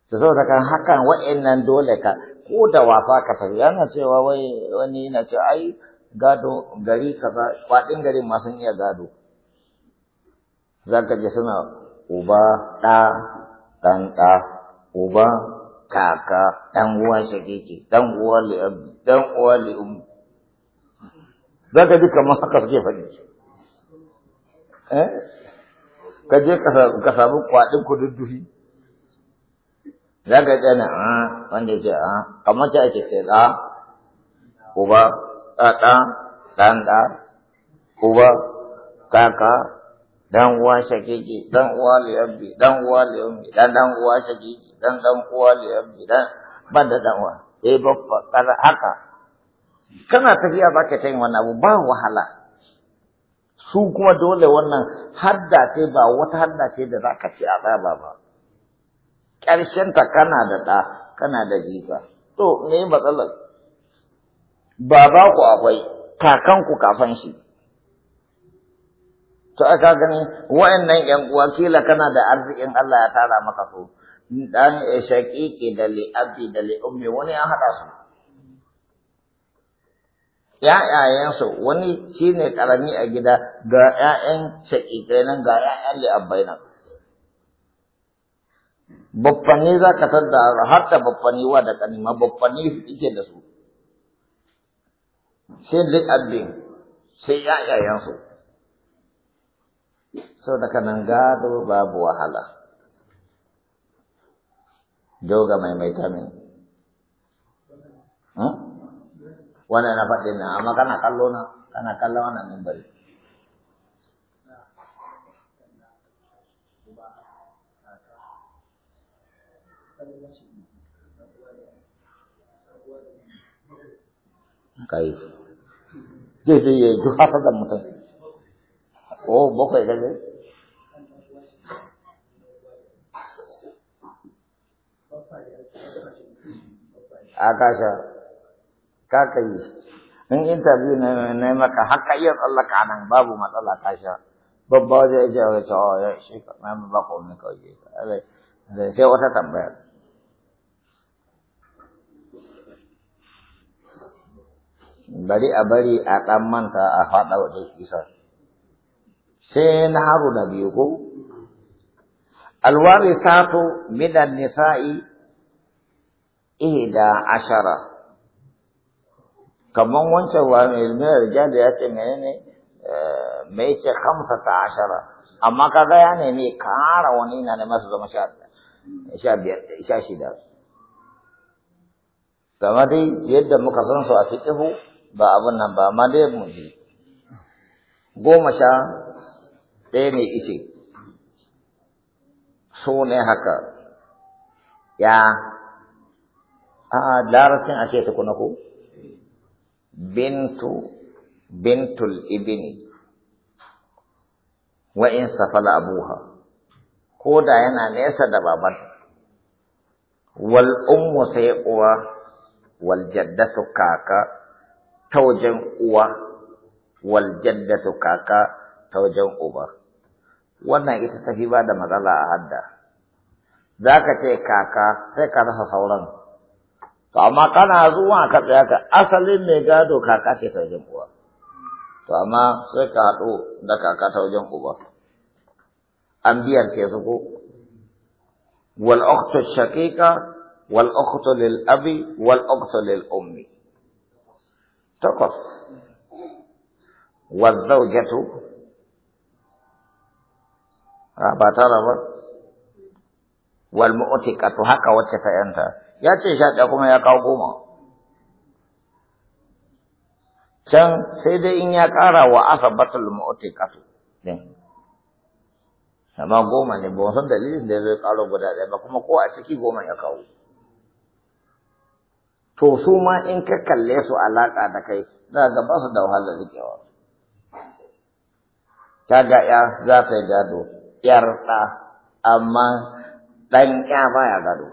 da sau daga hakan wa'annan dole ka ko da wafa ka tafi yana cewa wai wani yana cewa ai gado gari kaza kwaɗin garin ma sun iya gado za ka suna uba ɗa ɗan ɗa uba kaka ɗan uwa shakiki ɗan uwa li'abdi ɗan uwa li'ummi za ka ji kamar haka suke faɗi eh ka je ka samu kwaɗin kududdufi za ka tsana a ah, wanda ya ce a ah, kamar ta ake sai ah, ɗa uba ɗaɗa ɗan ɗa uba kaka dan uwa shakiki dan uwa liyabbi dan uwa liyabbi dan dan uwa shakiki dan dan uwa liyabbi dan ba da dan uwa eh babba kaza haka kana tafiya ba ka ta yin wannan abu ba wahala su kuma dole wannan hadda ce ba wata hadda ce da za ka ci azaba ba ta kana da ɗa kana da jifa to me matsalar baba ku akwai kakan ku kafan shi to aka gani wa'annan yan uwa kila kana da arzikin Allah ya tara maka so dan ke eh, da li abi da li ummi wani ya hada su ‘ya'yayensu wani shi ne ƙarami a gida ga ‘ya'yan shaƙiƙai nan ga ‘ya'yan li'abbai nan. babbanni za ka tadda har ta babbanni wa da kanima babbanni su ike da su sai duk abin sai ƴaƴayensu sau da kanan gado babu wahala mai maimaita min hmm? wannan na faɗi na amma kana kallo na kana kallo wannan mimbari kai zai zai yi duk hasadan mutum oh bakwai gaje a ka kai in interview maka haka iya tsallaka nan babu matsala kasha babba zai je ya ce oh shi ka ba ko ne sai wata tambaya bari a bari a ɗan manta a faɗa wajen kisa. sai na haru na biyu ko sato midan nisa'i ihda ashara Kamar wancan wani ilmin da ya ce ne eh, mai ce ta ashara amma ka kaga ya nemi kara wani na neman su zama sha shida kamar dai yadda muka san su a fiƙihu ba abun nan ba amma dai mu ji goma sha ɗaya ne ice so ne haka ya a larasin a ce tukuna ku. bintu bintul ibini wa in safala abuha ko da yana nesa da baban wal ummu sai uwa wal jaddatu kaka ta wajen uwa wal jaddatu kaka ta wajen uba wannan ita tafi ba da matsala a hadda za ka ce kaka sai ka rasa sauran to amma kana zuwa ka tsaya ka asalin mai gado kaka ce ta wajen uwa to amma sai ka haɗu da kaka ta wajen uba an biyar ke su ko wal ukhtu shaqiqa wal ukhtu lil abi wal ukhtu lil ummi takwas jatu ah, ba tara ba wal mu'tiqatu haka wacce ta yanta ya ce sha kuma ya kawo goma can sai dai in ya kara wa asabatul mu'tiqatu din amma goma ne ba san dalilin da zai karo guda ɗaya ba kuma ko a ciki goma ya kawo to su ma in ka kalle su alaƙa da kai za ga ba su da wahala riƙewa ta ga ya za ta yi gado yar ɗa amma ɗan ba ya gado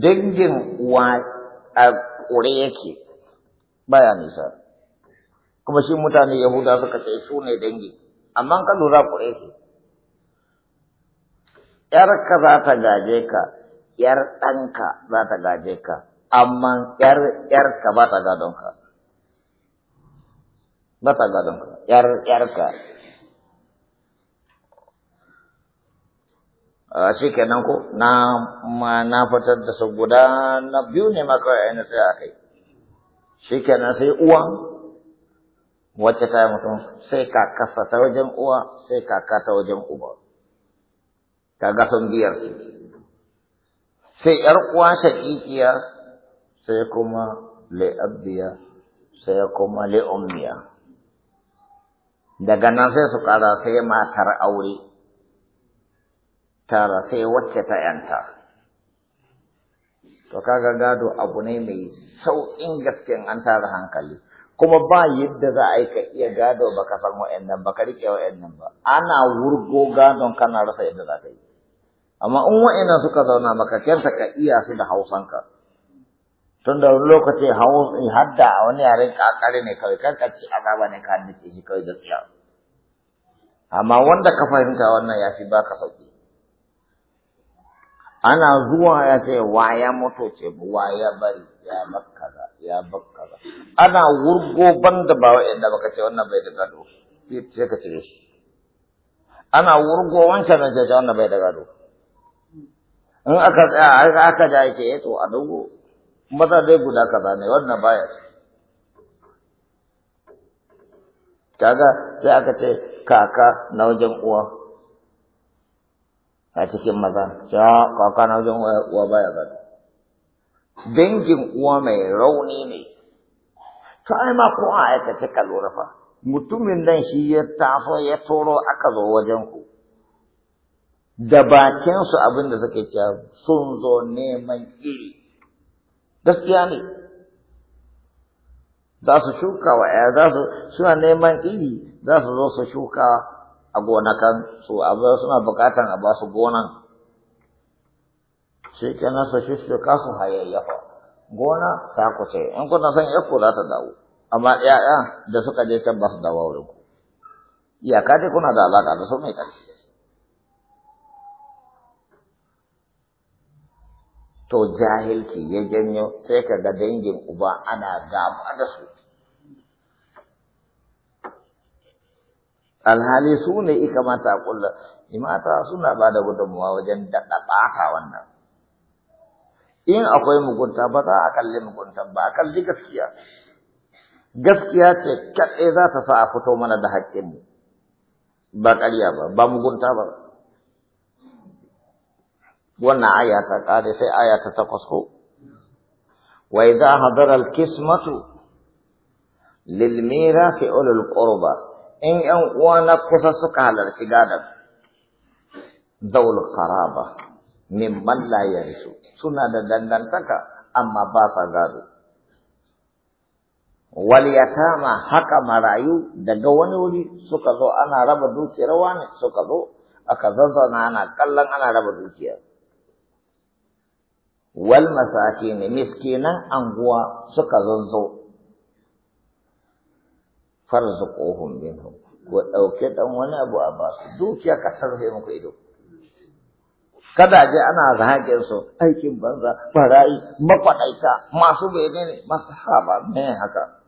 dangin uwa a ƙure yake baya nisa kuma shi mutane yahuda suka ce su ne dangi amma ka lura ƙure yake ‘yar ka za ta gaje ka ‘yar ɗanka za ta gaje ka, amma ‘yar ‘yarka ba ta ka, Ba ta ka, ‘yar ‘yarka. Shi kenan ko, na na fitar da su guda na biyu ne ma kawai ainihin sai a kai. Shi kenan sai uwa, wacce ta mutum, sai kasa ta wajen uwa, sai kaka ta wajen uba. ga sun biyar su. sai ‘yar uwa shaƙiƙiya sai kuma la'abbiya sai kuma la'ummiya daga nan sai su ƙara sai matar aure tara sai wacce ta ‘yanta to kaga gado abu ne mai sauƙin in an tara hankali kuma ba yadda za a yi ka iya gado ba ka san wa'annan ba ka riƙe wa'annan ba ana wurgo gadon kana rasa yadda za ka yi amma in wa'ina suka zauna maka kyanta ka iya su da hausanka tun da wani lokaci hadda a wani yaren kakari ne kawai kan kaci azaba ne ka hannace shi kawai gaskiya amma wanda ka fahimta wannan ya fi baka sauki ana zuwa ya ce wa ya mutu ce wa ya bari ya za ya za ana wurgo banda ba wa'in da baka ce wannan bai da gado sai ka cire shi ana wurgo wancan da ce wannan bai da gado in aka tsaya aka ja yake ya eh, to a dogo maza dai guda kaza ne wannan baya ce kaga sai aka ce kaka na wajen uwa a cikin maza cewa ah, kaka na wajen uwa baya ba dangin uwa mai rauni ne to ai ma ko a aikace kalorafa mutumin nan shi ya taso ya toro aka zo wajen ku da bakinsu abin da suke ce sun zo neman iri gaskiya ne za su shuka wa ya za su suna neman iri za su zo su shuka a gonakan su zo suna bukatan a ba su gonan shi kenan su shi su hayayyafa gona ta kusa in kuna son yakku za ta dawo amma ya'ya da suka je can ba su dawo wurin ku iyaka dai kuna da alaka da su mai ƙarfi to jahilci ya janyo sai ka ga dangin uba ana gaba da su alhali su ne ika mata a kulla imata suna ba da gudunmuwa wajen daɗa ɓata wannan in akwai mugunta ba za a kalli mugunta ba a kalli gaskiya gaskiya ce kaɗai za ta sa a fito mana da haƙƙinmu ba ƙarya ba ba mugunta ba wannan aya ta sai aya ta takwas ko wa idza hadara al-qismatu lil ulul qurba in yan uwa na kusa suka halarci gadan zaul qaraba man la yarisu suna da dangantaka amma ba sa gado wal yatama haka marayu daga wani wuri suka zo ana raba dukiyar wani suka zo aka zazzauna ana kallon ana raba dukiyar wal masakin miskinan anguwa suka zazzo farzuquhum minhu ko ɗauke ɗan wani abu a ba su dukiya ka sarrafe muku ido kada je ana zagin su aikin banza barayi makwaɗaita masu bene ne masu haɓa me haka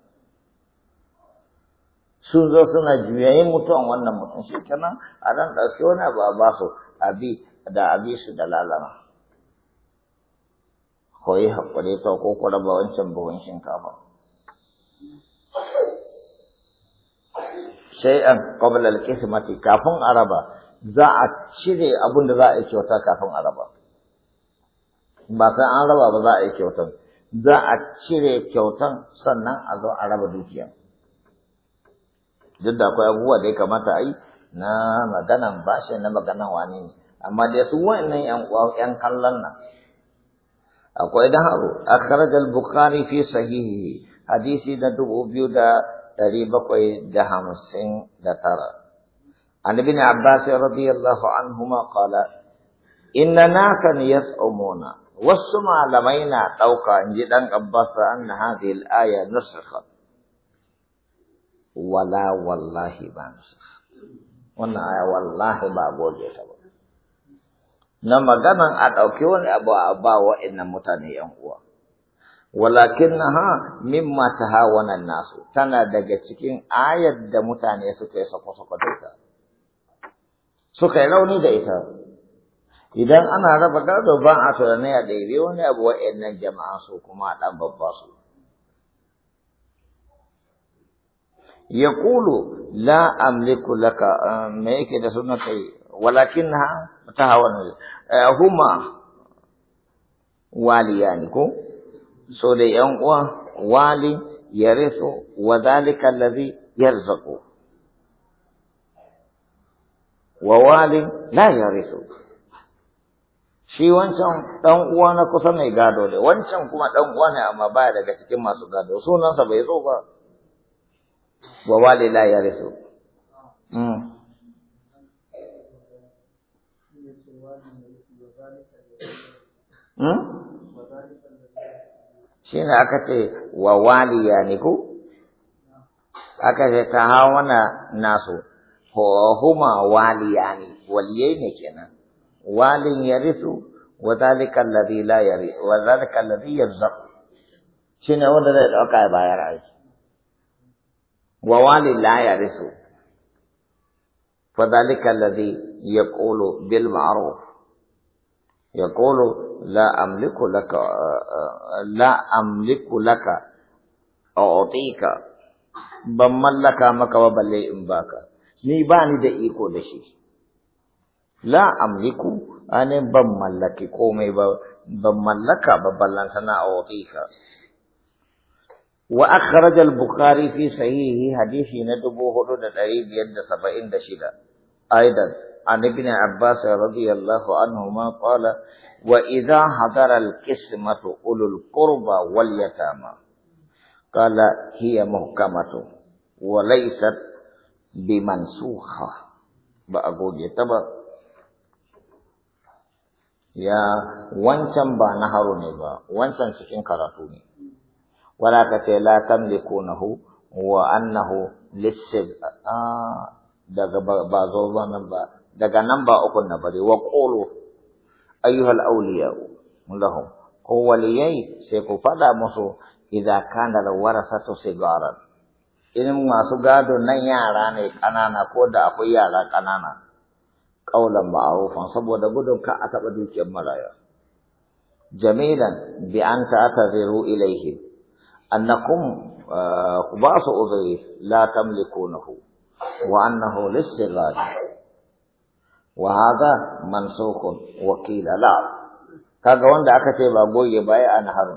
sun zo suna juyayin mutuwan wannan mutum shi kenan a ɗauki wani abu a ba su abi da abi su da lalama ko yi haƙuri to ko ku raba wancan buhun shinkafa shay'an qabla al-qismati kafin araba za a cire abin da za a yi kyauta kafin araba ba sai an raba ba za a yi kyautan za a cire kyautan sannan a zo a raba dukiya duk da akwai abubuwa da ya kamata a na maganan bashi na maganan wani ne amma dai su wa'annan yan kallon nan اقوی دا هارو اخرج البخاری فی صحیحی حدیثی دا دو بیو دا تریب اقوی دا همسین دا تر عن ابن عباس رضی الله عنهما قال اننا ناسا یسعمونا وسما لمینا توقع انجدن عباس ان هذه الايه نسخ ولا والله ما نسخ ونا والله ما بولیتا بولیتا na maganan a ɗauki wani abu a ba wa'annan mutane ‘yan uwa. Walakin na ha mimma ta nasu tana daga cikin ayar da mutane suka yi sako-sako da ita, suka yi rauni da ita. Idan ana raba gado ban a tunani a ɗaiɗai wani abu wa'annan jama'a su kuma a ɗan babba su. Ya kulu la amliku laka eh, me yake da sunan kai walakin ha ta hawan eh, huma waliyani ko so da yan uwa wali yarithu wa zalika allazi yarzuqu wa wali la yarithu shi wancan dan uwa na kusa mai gado ne wancan kuma dan uwa ne amma baya daga cikin masu gado sunansa bai zo ba wa wali la yarithu mm Hmm? shi ne aka ce wa waliya ne ku? aka ce ta na nasu huma waliya ne waliye ne kenan walin ya risu wa zalika alladhi la yari wa zalika alladhi yarzaq shi ne wanda zai dauka ya bayar aiki wa wali la yarisu fa zalika alladhi yaqulu bil ma'ruf yaqulu لا أملك لك آه، آه، لا أملك لك أعطيك بملك مك وبلي إمباك نيباني ده دشي لا أملك أنا بملك كومي بملك ببلان سنا أعطيك وأخرج البخاري في صحيح حديث ندبو هدو ندعي بيد سبعين دشيدا أيضا عن ابن عباس رضي الله عنهما قال وإذا حضر القسمة أولو القربى واليتامى قال هي محكمة وليست بمنسوخة بأقول يتبع يا وانشان با نهروني با وانشان سكين كراتوني ولا كتي لا تملكونه وأنه للسب آه daga ba zo ba نمبا ba daga وقولوا ayyuhal awliya lahum ko waliyai sai ku faɗa musu idza kana la warasatu sigaran in masu gado nan yara ne ƙanana ko da akwai yara ƙanana ƙaulan ma'arufan saboda gudun ka a taɓa dukiyar maraya jamilan bi an ta'taziru ilayhi annakum ku ba su uzuri la tamlikunahu wa annahu lis-sigar wa hadha mansukhun wa qila la kaga wanda aka ce ba goge baya an anharu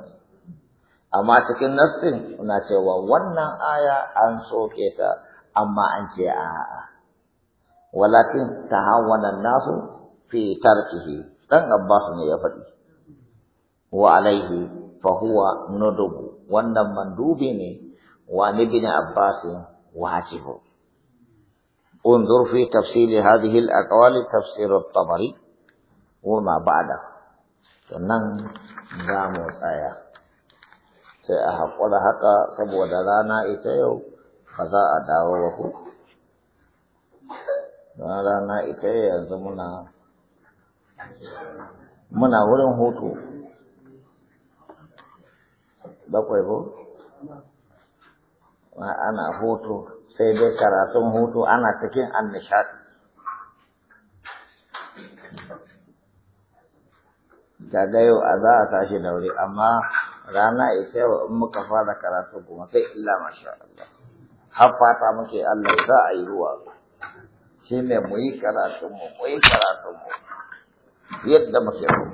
amma cikin nassin na cewa wannan aya an soke ta amma an ce a'a walakin tahawwana nasu fi tarkihi dan Abbas ne ya faɗi wa alaihi fa huwa nudubu wannan mandubi ne wa ibn Abbas wajibu انظر في تفصيل هذه الأقوال تفسير الطبري وما بعده sannan za mu tsaya sai a haƙura haka saboda rana ita yau ba za a dawo ba ku rana ita yau yanzu muna muna wurin hutu bakwai ko ana hutu sai dai karatun hutu ana cikin annishadi kaga yau a za a tashi da wuri amma rana ita yau in muka fara karatu kuma sai illa masha Allah har fata muke Allah za a yi ruwa shi ne mu yi karatunmu mu yi karatunmu yadda muke ruwa